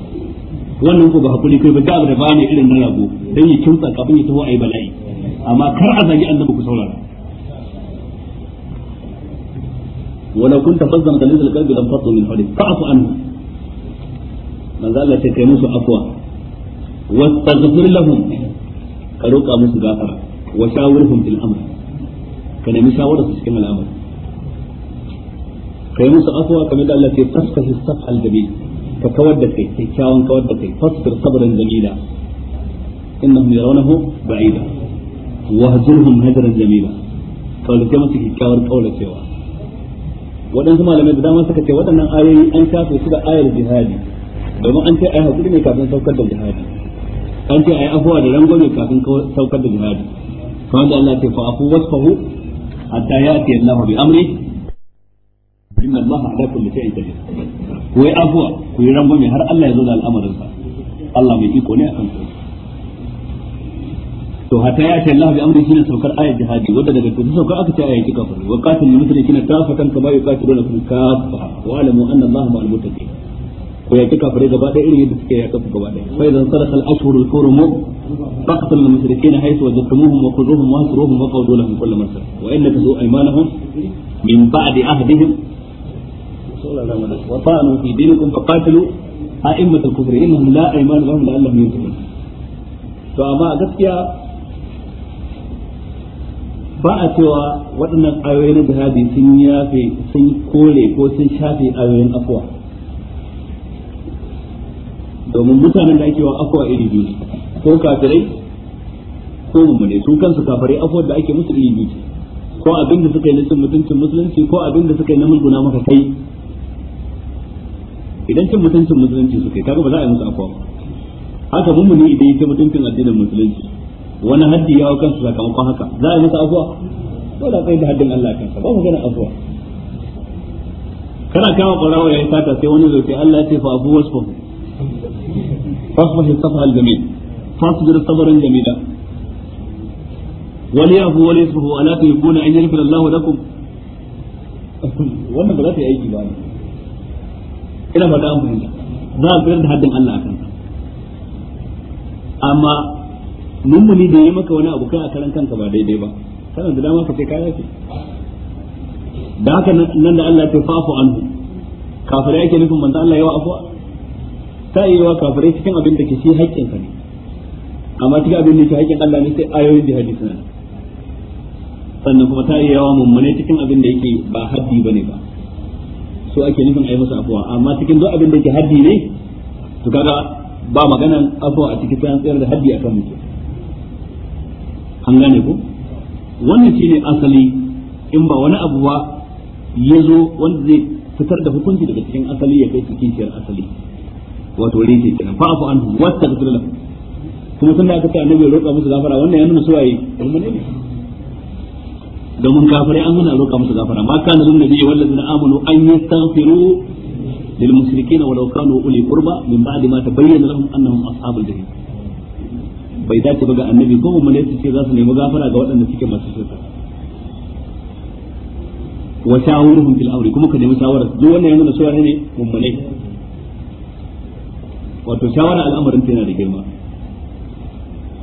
wannan ko ba hakuri kai ba da abu da ba ne irin na rago dan yi kimtsa kafin ya taho a yi bala'i amma kar a zagi annabi ku saurara ولو كنت فظا غليظ القلب لانفضوا من حولك فاعف عنه من ذا الله kai musu afwa واستغفر لهم ka roƙa musu gafara wa shawirhum fil amr ka nemi shawarar su cikin al'amari kai musu afwa kamar da Allah ke ka kawar da kai kyakkyawan kawar da kai fasfir jamila innahum yarawnahu ba'ida hajran jamila musu kyakkyawar waɗansu malamai da dama suka ce waɗannan ayoyi an su da ayar jihadi domin an ce ai hakuri ne kafin saukar da jihadi an ce afuwa da rangwame kafin saukar da jihadi da Allah ke wasfahu hatta ya'ti Allah bi amri inna Allah ala kulli shay'in qadir ku yi afuwa ku ya zo to ya ce Allah bi amri shine saukar ayat jihadi wanda daga saukar aka ce ayat kafir wa qatil lil kama wa alamu anna Allah ma'al ko ya kika fare gaba irin yadda suke ya kafa gaba hurum فاقتلوا المشركين حيث وجدتموهم وخذوهم واهجروهم وقعدوا لهم كل مرصد وان نكثوا ايمانهم من بعد عهدهم وطعنوا في دينكم فقاتلوا أئمة الكفر إنهم لا أيمان لهم لعلهم ينتهون فأما gaskiya ba a cewa waɗannan ayoyi na jihadi sun yafe sun kore ko sun shafe ayoyin afuwa domin mutanen da ake wa afuwa iri biyu ko kafirai ko mummune su kansu kafirai afuwar da ake musu ilimi ko abin da suka yi na cin mutuncin musulunci ko abin da suka yi na mulkuna maka kai idan cin mutuncin musulunci suka yi kaga ba za a yi musu afuwa haka mummune idan ya ci mutuncin addinin musulunci wani haddi ya kansu sakamakon haka za a yi musu afuwa dole a tsaye da haddin Allah kansa ba mu gana afuwa kana kama ƙwararwa ya yi sata sai wani zai ce Allah ya ce fa abu wasu fa fasfahi safa al-jamil fasbir sabran jamila wani yafu wani yasfahu ala tuhibbuna an yaghfira Allahu lakum wannan ba za ta yi aiki ba ne ina ba an fahimta za a tsayar da haddin Allah akan amma mummuni da yi maka wani abu kai a karan kanka ba daidai ba kana da dama ka ce kaya ce da haka nan da Allah ya ce fafu anhu kafirai yake nufin manzo Allah ya wa afwa ta yi wa kafirai cikin abin da ke shi haƙƙinka ne amma cikin abin da ke haƙƙin Allah ne sai ayoyin hadisi na sannan kuma ta iya yawa mummune cikin abin da yake ba haddi ba ne ba so ake nufin ayi masa afuwa amma cikin duk abin da ke haddi ne to kaga ba maganan afuwa a cikin sayan tsayar da haddi akan mutum an gane ko wannan shine asali in ba wani abu ba ya zo wanda zai fitar da hukunci daga cikin asali ya kai cikin asali wato rike kenan fa afu anhu wasta lahu kuma da aka ce annabi roƙa musu gafara wannan ya nuna suwaye waye ne domin kafare an hana roƙa musu gafara ma kana lin nabiyyi wallazina amanu an yastaghfiru lil musrikin walau kanu uli qurba min ba'di ma tabayyana lahum annahum ashabul jahim bai da ba ga annabi ko mun su ce za su nemi gafara ga waɗanda suke masu shirka wa shawuruhum fil amri kuma ka nemi shawara duk wannan ya nuna suwaye ne mummune wato shawara al'amarin tana da girma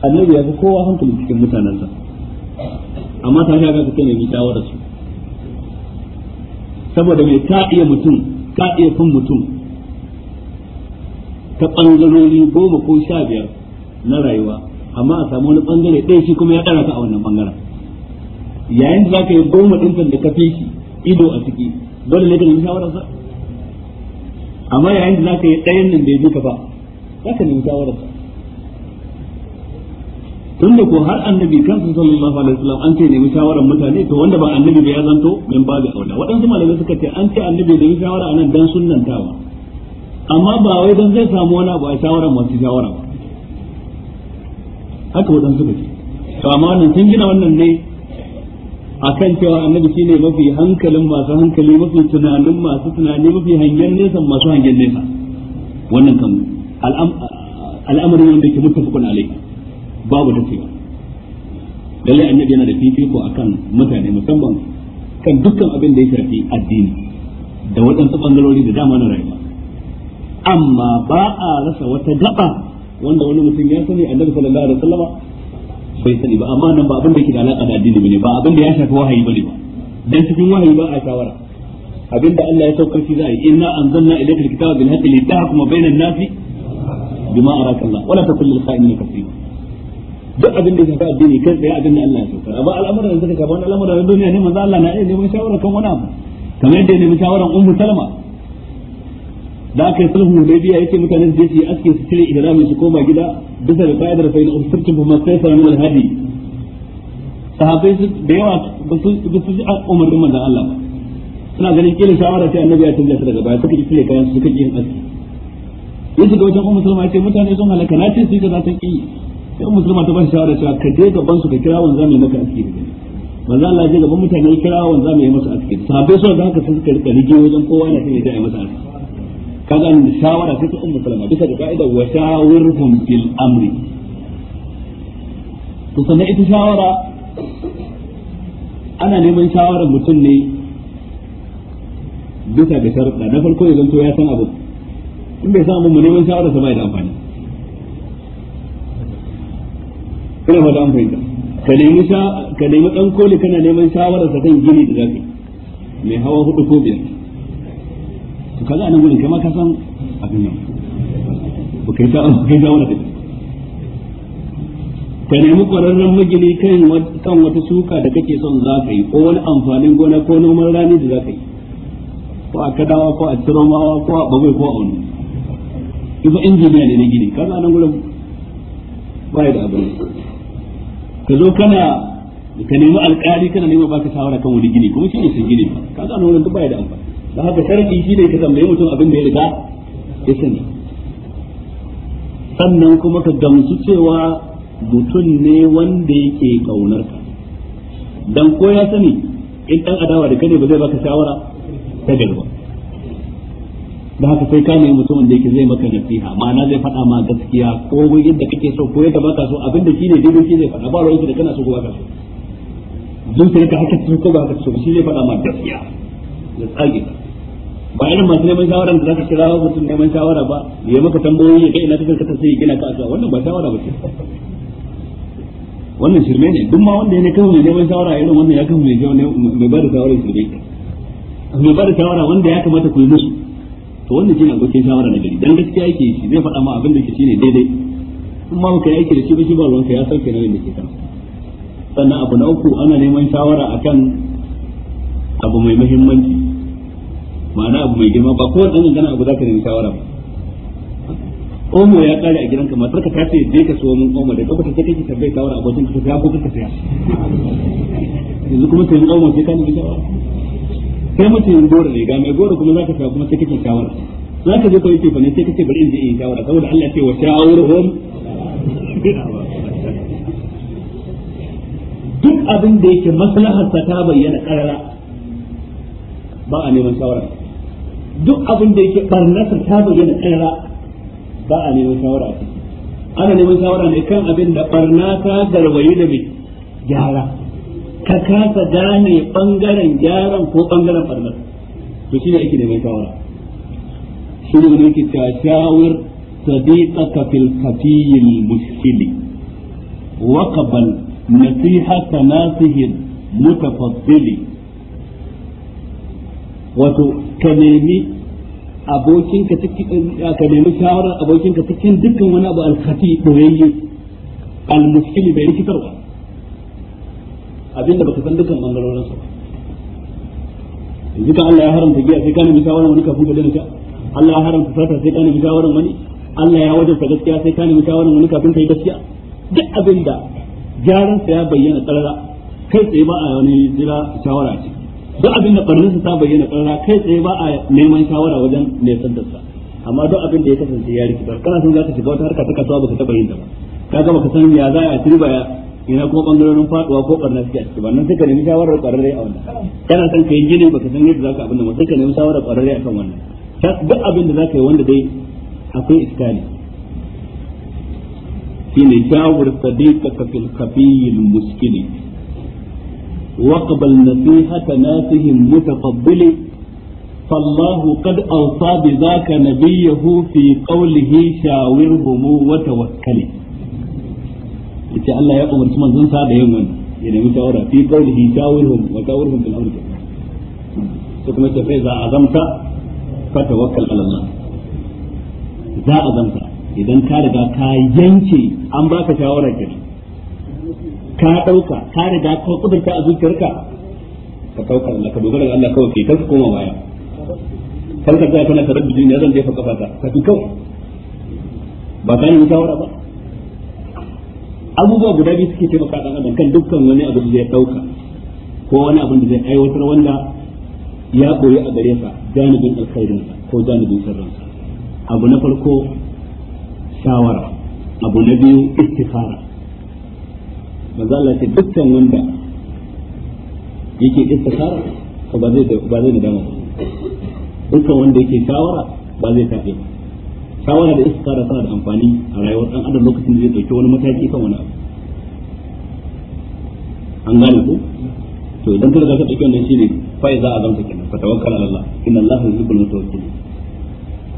annabi ya fi kowa hankali cikin mutanensa amma ta shaga ka kai mai shawara su saboda mai ka iya mutum ka iya fin mutum ta bangarori goma ko sha biyar na rayuwa amma a samu wani bangare ɗaya shi kuma ya ɗara ka a wannan bangaren yayin da za ka yi goma ɗinkan da ka fi shi ido a ciki dole ne ka nemi shawararsa amma yayin da za ka yi ɗayan nan bai bi ka ba za ka nemi shawararsa tunda ko har annabi kansa sallallahu alaihi wasallam an ce ne shawaran mutane to wanda ba annabi ba ya zanto min ga aula waɗansu malamai suka ce an ce annabi da shawara anan dan sunnantawa amma ba wai dan zai samu wani abu a shawaran masu shawara ba haka wadansu ba ce to amma wannan sun gina wannan ne akan cewa annabi shine mafi hankalin masu hankali mafi tunanin masu tunani mafi hangen nesa masu hangen nesa wannan kan al'amari wanda ke mutafakun alaihi babu ta cewa lalle annabi yana da fifiko akan mutane musamman kan dukkan abin da ya shafi addini da waɗansu ɓangarori da dama na rayuwa amma ba a rasa wata gaba wanda wani mutum ya sani annabi sallallahu alaihi wasallama bai sani ba amma nan ba abin da yake da alaka da addini bane ba abin da ya shafi wahayi bane ba dan cikin wahayi ba a shawara abinda Allah ya saukar shi za a yi inna anzalna ilayka alkitaba bil haqqi litahkuma bainan nasi bima araka Allah wala takun lil kha'inin kaseer duk abin da ya shafi addini kai tsaye abin da Allah ya saukar amma al'amuran da suka shafi wani al'amuran na duniya ne manzo Allah na iya neman shawara kan wani abu kamar yadda ya nemi shawaran ummu salama da aka yi sulhu biya yake mutane su je su yi aske su cire idramin su koma gida bisa da fa'idar fa in usirtum bi masaysara min al-hadi sahabbai da yawa ba su ji umarnin manzo Allah ba suna ganin kila shawara ta annabi ya canza daga baya suka ji cire kayan suka ji yin aski yanzu ga wajen ummu salama ya mutane sun halaka na ce su yi za su ki sai musulma ta ba shi shawara cewa ka je gaban su ka kira wanzu mai maka aski da gani manzo Allah ya je gaban mutane kira wanzu yi masa aski sabai so da haka sun suka rika rige wajen kowa na sai ya yi masa aski kaga an shawara sai ta ummu salama bisa ga ka'ida wa shawirhum fil amri to sannan ita shawara ana neman shawara mutum ne bisa ga sharuɗa na farko ya zanto ya san abu in bai samu mu neman shawara sa bai da amfani ina fata an fahimta ka nemi sha ka nemi dan koli kana neman shawarar sa kan gini da zaka mai hawa hudu ko biyar to kaga anan gurin kai ma ka san abin nan ba kai ta kai wani kai ka nemi kwararren magini kan kan wata shuka da kake son za yi ko wani amfanin gona ko noman rani da za yi ko a kadawa ko a tiromawa ko a bagwai ko a wani ifa injiniya ne na gini kaga anan gurin ba da abin ka zo kana ka nemi alƙali kana nema baka shawara kan wani gini kuma shi ne shi gini ba ka gano wannan duk baya da amfani da haka sharadi shi ne ka tambaye mutum abin da ya riga ya sani sannan kuma ka gamsu cewa mutum ne wanda yake kaunar ka dan ko ya sani in dan adawa da kane ba zai baka shawara ta galba da haka sai ka nemi mutumin da yake zai maka nasiha ma'ana zai faɗa ma gaskiya ko yadda kake so ko yadda baka so abin da shine daidai shi zai faɗa ba ruwanki da kana so ko baka so duk sai ka haka so ko baka so shi zai faɗa ma gaskiya da tsage ba irin masu neman shawara da zaka kira mutum neman shawara ba ya maka tambayoyi ya kai ina kake kata sai gina ka a wannan ba shawara ba ce wannan shirme ne duk ma wanda ya ne kawai neman shawara irin wannan ya kama mai mai ba da shawara shirme mai ba da shawara wanda ya kamata ku yi musu to wannan shine abokin shawara na gari dan gaskiya yake shi zai faɗa ma abin da yake shine daidai kuma ba ka yake da shi ba shi ba ya sauke ne da ke kan sannan abu na uku ana neman shawara akan abu mai muhimmanci ma'ana abu mai girma ba kowane ɗan gana abu za ka nemi shawara ba omo ya kare a gidanka matar ka ta ce je ka siyo min omo da kafa ta kake tambaye shawara abokin ka ta ko ka tsaya yanzu kuma sai omo sai ka nemi shawara kai mutum ne ga mai kuma kuma sai kake shawara kai ce sai bari in je in shawara saboda Allah ce wa duk abin da yake maslahar sa ta bayyana karara ba a neman shawara duk abin da yake barnasa ta bayyana karara ba a neman shawara ana neman shawara ne kan abin da barna ta garwayi da mai gyara ka kasa gane bangaren gyaran ko bangaren farmar to shi ne ake da mai shawara shi ne wani yake ta shawar sadiqaka fil qatiyil mushkili wa qabal nasihata nasihin mutafaddili wato ka nemi abokinka cikin eh, ka nemi shawarar abokinka cikin dukkan wani abu alkhati doyayye al mushkili bai rikitarwa abinda baka san dukkan bangarorin sa yanzu kan Allah ya haramta giya sai kana misawar wani kafin ka daina ka Allah ya haramta sata sai kana misawar wani Allah ya wajabta gaskiya sai kana misawar wani kafin ka yi gaskiya duk abinda jarin sa ya bayyana tsarara kai tsaye ba a wani jira shawara ce duk abinda da sa ta bayyana karara kai tsaye ba a neman shawara wajen mai sa amma duk abin da ya kasance ya rikitar kana son za ka shiga wata harka ta kasuwa baka taba yin ta ba kaga baka san ya za a ci riba ina kuma bangarorin faduwa ko barna suke a ciki ba nan sai ka nemi shawarar kwararre a wannan kana san kai yi gini ka san yadda zaka abin da sai ka nemi shawarar kwararre akan wannan duk abin da zaka yi wanda dai akwai iskali shine shawar sadiqaka fil khafiyil muskili واقبل nasihata ناسهم متقبل فالله قد أوصى بذاك نبيه في قوله شاورهم وتوكلي yace Allah ya umarci manzon sa da yin wannan ya nemi shawara fi qawlihi shawirhum wa shawirhum bil amri to kuma sai za azamta fa tawakkal ala Allah za azamta idan ka riga ka yanke an baka shawara ke ka dauka ka riga ka kudurta a zuciyarka ka tawakkal Allah ka dogara ga Allah kawai kai kanka koma baya kanka ga kana taraddudi ne zan jefa kafa ka ka kawai ba ka nemi shawara ba abubuwa guda biyu suke taimaka dan adam kan dukkan wani abu da zai dauka ko wani abu da zai aiwatar wanda ya koyi a gare sa janibin alkhairin ko janibin sirrin abu na farko shawara abu na biyu istikhara manzo Allah ce dukkan wanda yake istikhara ko ba zai ba zai da dama dukkan wanda yake shawara ba zai tafi ba shawara da isa istikhara tana da amfani a rayuwar dan adam lokacin da zai dauki wani mataki kan wani abu an gane ko to idan ka riga ka dauki wannan shine fai za a zanta kenan fa tawakkal ala Allah inna Allah yuhibbul mutawakkilin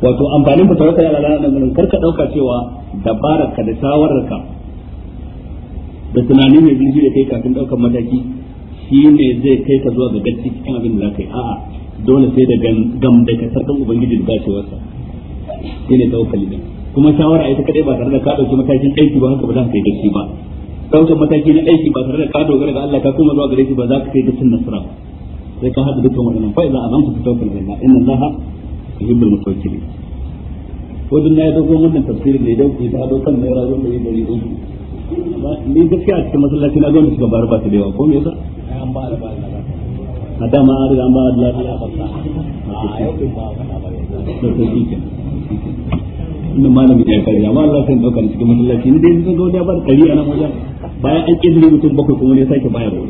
wato amfanin fa tawakkal ala Allah ganin karka dauka cewa dabarar ka da shawarar ka da tunani mai zurfi da kai kafin daukar mataki shi ne zai kai ka zuwa ga gaci cikin abin da za ka yi a'a dole sai da gam da kasar kan ubangiji da dacewarsa shine tawakkali ne kuma shawara ita kadai ba tare da ka dauki matakin aiki ba haka ba za ka kai dashi ba daukar mataki na aiki ba tare da ka ga Allah ka kuma zuwa gare shi ba za ka kai nasara sai ka hada dukkan waɗannan fa'iza a ta tawakkal billah inna Allah yuhibbul mutawakkilin ko dun na ya wannan tafsiri ne dan ku ta dokan ne da yin dari uku ni gaskiya a cikin masallaci na gwamnati suka bar ba ta da ko me yasa an ba da ba a dama an riga an ba da lafiya ba ta a yau ba ba ta ba inda malami ya kariya amma Allah sai dauka cikin masallaci ne dai sun ga wani ya bar kari a nan wajen bayan an kidire mutum bakwai kuma ne sake bayarwa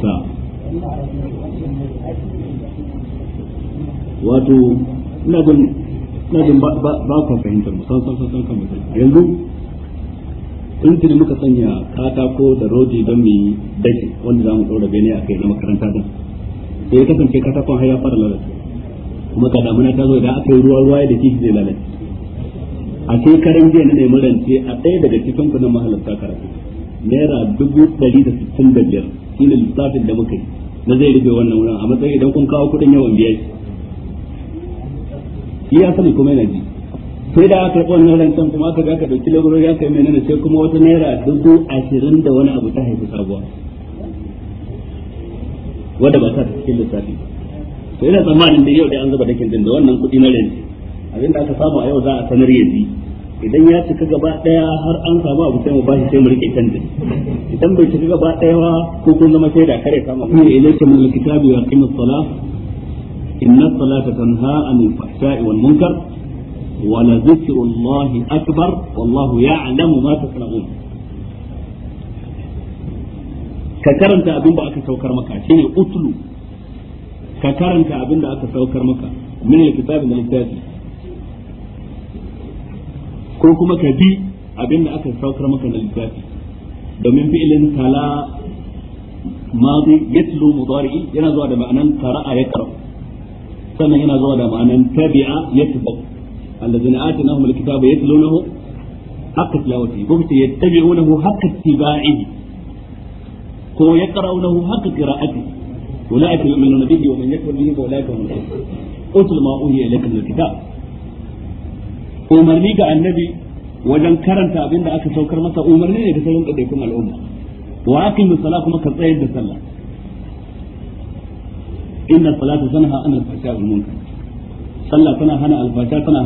ta wato ina gani ina gani ba ku fahimtar mu san san san kan mutum yanzu in tuni muka sanya katako da rodi don mai daji wanda za mu tsoro da bene a kai na makaranta din ya kasance katakon har ya fara lalata kuma ka damuna ta zo idan aka yi ruwa ruwa da kishi zai lalace a kai karin jiya na neman rance a ɗaya daga cikin kudin mahalarta karatu naira dubu ɗari da sittin da biyar shi ne lissafin da muka yi na zai rufe wannan wurin a matsayin idan kun kawo kuɗin yawan biyar shi iya sani kuma yana ji sai da aka karɓi wannan rancen kuma aka ga ka ɗauki labarori aka yi menene sai kuma wata naira dubu ashirin da wani abu ta haifi sabuwa wadda ba ta cikin lissafi to ina tsammanin da yau da an zuba dakin din da wannan kuɗi na rent abinda aka samu a yau za a sanar yanzu idan ya cika gaba daya har an samu abu sai mu bashi sai mu rike canjin idan bai cika gaba daya ba ko kun zama shaida kare kama ku ne ilayka min alkitabi wa aqimus salah inna salata tanha anil fahsha'i wal munkar wa la dhikrullahi akbar wallahu ya'lamu ma tasna'un ka karanta abin ba aka saukar maka shine utlu ka karanta abin da aka saukar maka min alkitabi na littafi ko kuma ka bi abin da aka saukar maka na littafi domin fi'ilin kala madi yatlu mudari yana zuwa da ma'anan qara'a ya qara'u sannan yana zuwa da ma'anan tabi'a yatbu allazina atanahum alkitaba yatlunahu haqqa tilawati ko kuma yattabi'unahu haqqa ittiba'ihi ko yaqra'unahu haqqa qira'atihi أولئك يؤمنون به ومن يكفر به فأولئك هم ما إليك من الكتاب ga annabi wajen karanta abin aka saukar masa umarni ne ga sauran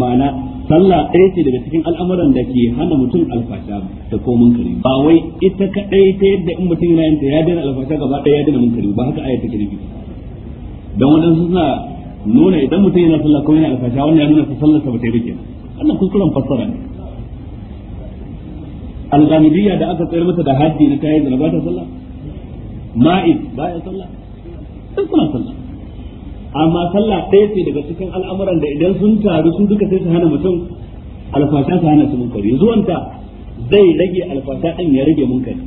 ma'ana sallah ɗaya ce daga cikin al'amuran da ke hana mutum alfasha da ko munkari ba wai ita kaɗai ta yadda in mutum yana yanta ya daina alfasha gaba ɗaya ya daina munkari ba haka ayata ke nufi don waɗansu suna nuna idan mutum yana sallah ko yana alfasha wannan ya nuna sallar sallarsa ba ta yi kenan wannan kuskuren fassara ne al alghamidiyya da aka tsayar mata da haddi na kayan da ba ta sallah ma'id ba ya sallah sai suna sallah amma sallah ɗaya ce daga cikin al'amuran da idan sun taru sun duka sai su hana mutum alfasha su hana su munkari zuwanta zai rage alfasha ɗin ya rage munkari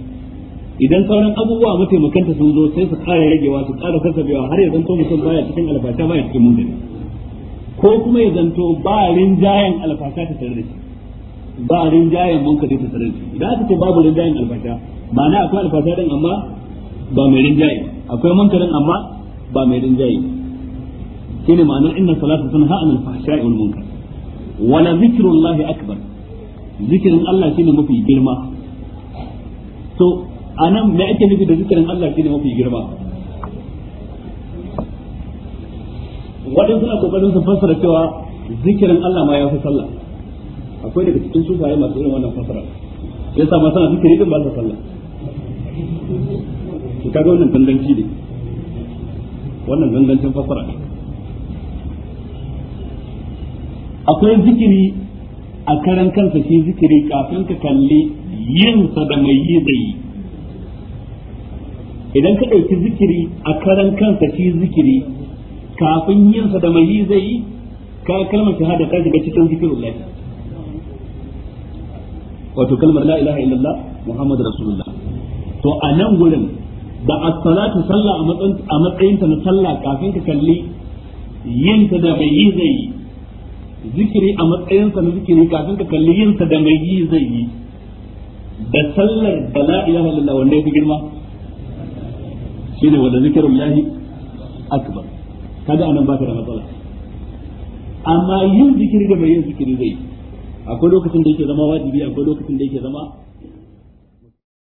idan sauran abubuwa mataimakanta sun zo sai su ƙara ragewa su ƙara kasabewa har ya zanto mutum baya cikin alfasha baya cikin munkari ko kuma ya zanto ba rinjayen alfasha ta tare da shi ba rinjayen munkari ta tare da shi idan aka ce babu rinjayen alfasha ma'ana akwai alfasha ɗin amma ba mai rinjaye akwai munkarin amma ba mai rinjaye shine ma'anar inna anil fahsha'i wal munkar zikrullahi akbar zikirin Allah shine mafi girma to anan me ake nufi da Allah shine mafi girma waɗansu kokarin su fassara cewa zikirin Allah ma ya fi sallah akwai daga cikin sufaye masu irin wannan fassara zikiri din ba sallah wannan ne wannan fassara ne akwai zikiri a karan kansa shi zikiri kafin ka kalli yin sa da mai yi zai idan ka ɗauki zikiri a karan kansa shi zikiri kafin yin sa da mai yi zai ka kalmar shahada ka shiga cikin zikirin lafiya wato kalmar la ilaha illallah muhammadu rasulullah to a nan gurin da as-salatu sallah a matsayin ta na sallah kafin ka kalli yin sa da mai yi zai yi. zikiri a matsayinsa na zikiri kafin ka kalli yin sa da mai yi zai yi da sallar da la ilaha illallah wanda yafi girma shine wanda zikirul lahi akbar kaga anan baka da matsala amma yin zikiri da mai yin zikiri zai akwai lokacin da yake zama wajibi akwai lokacin da yake zama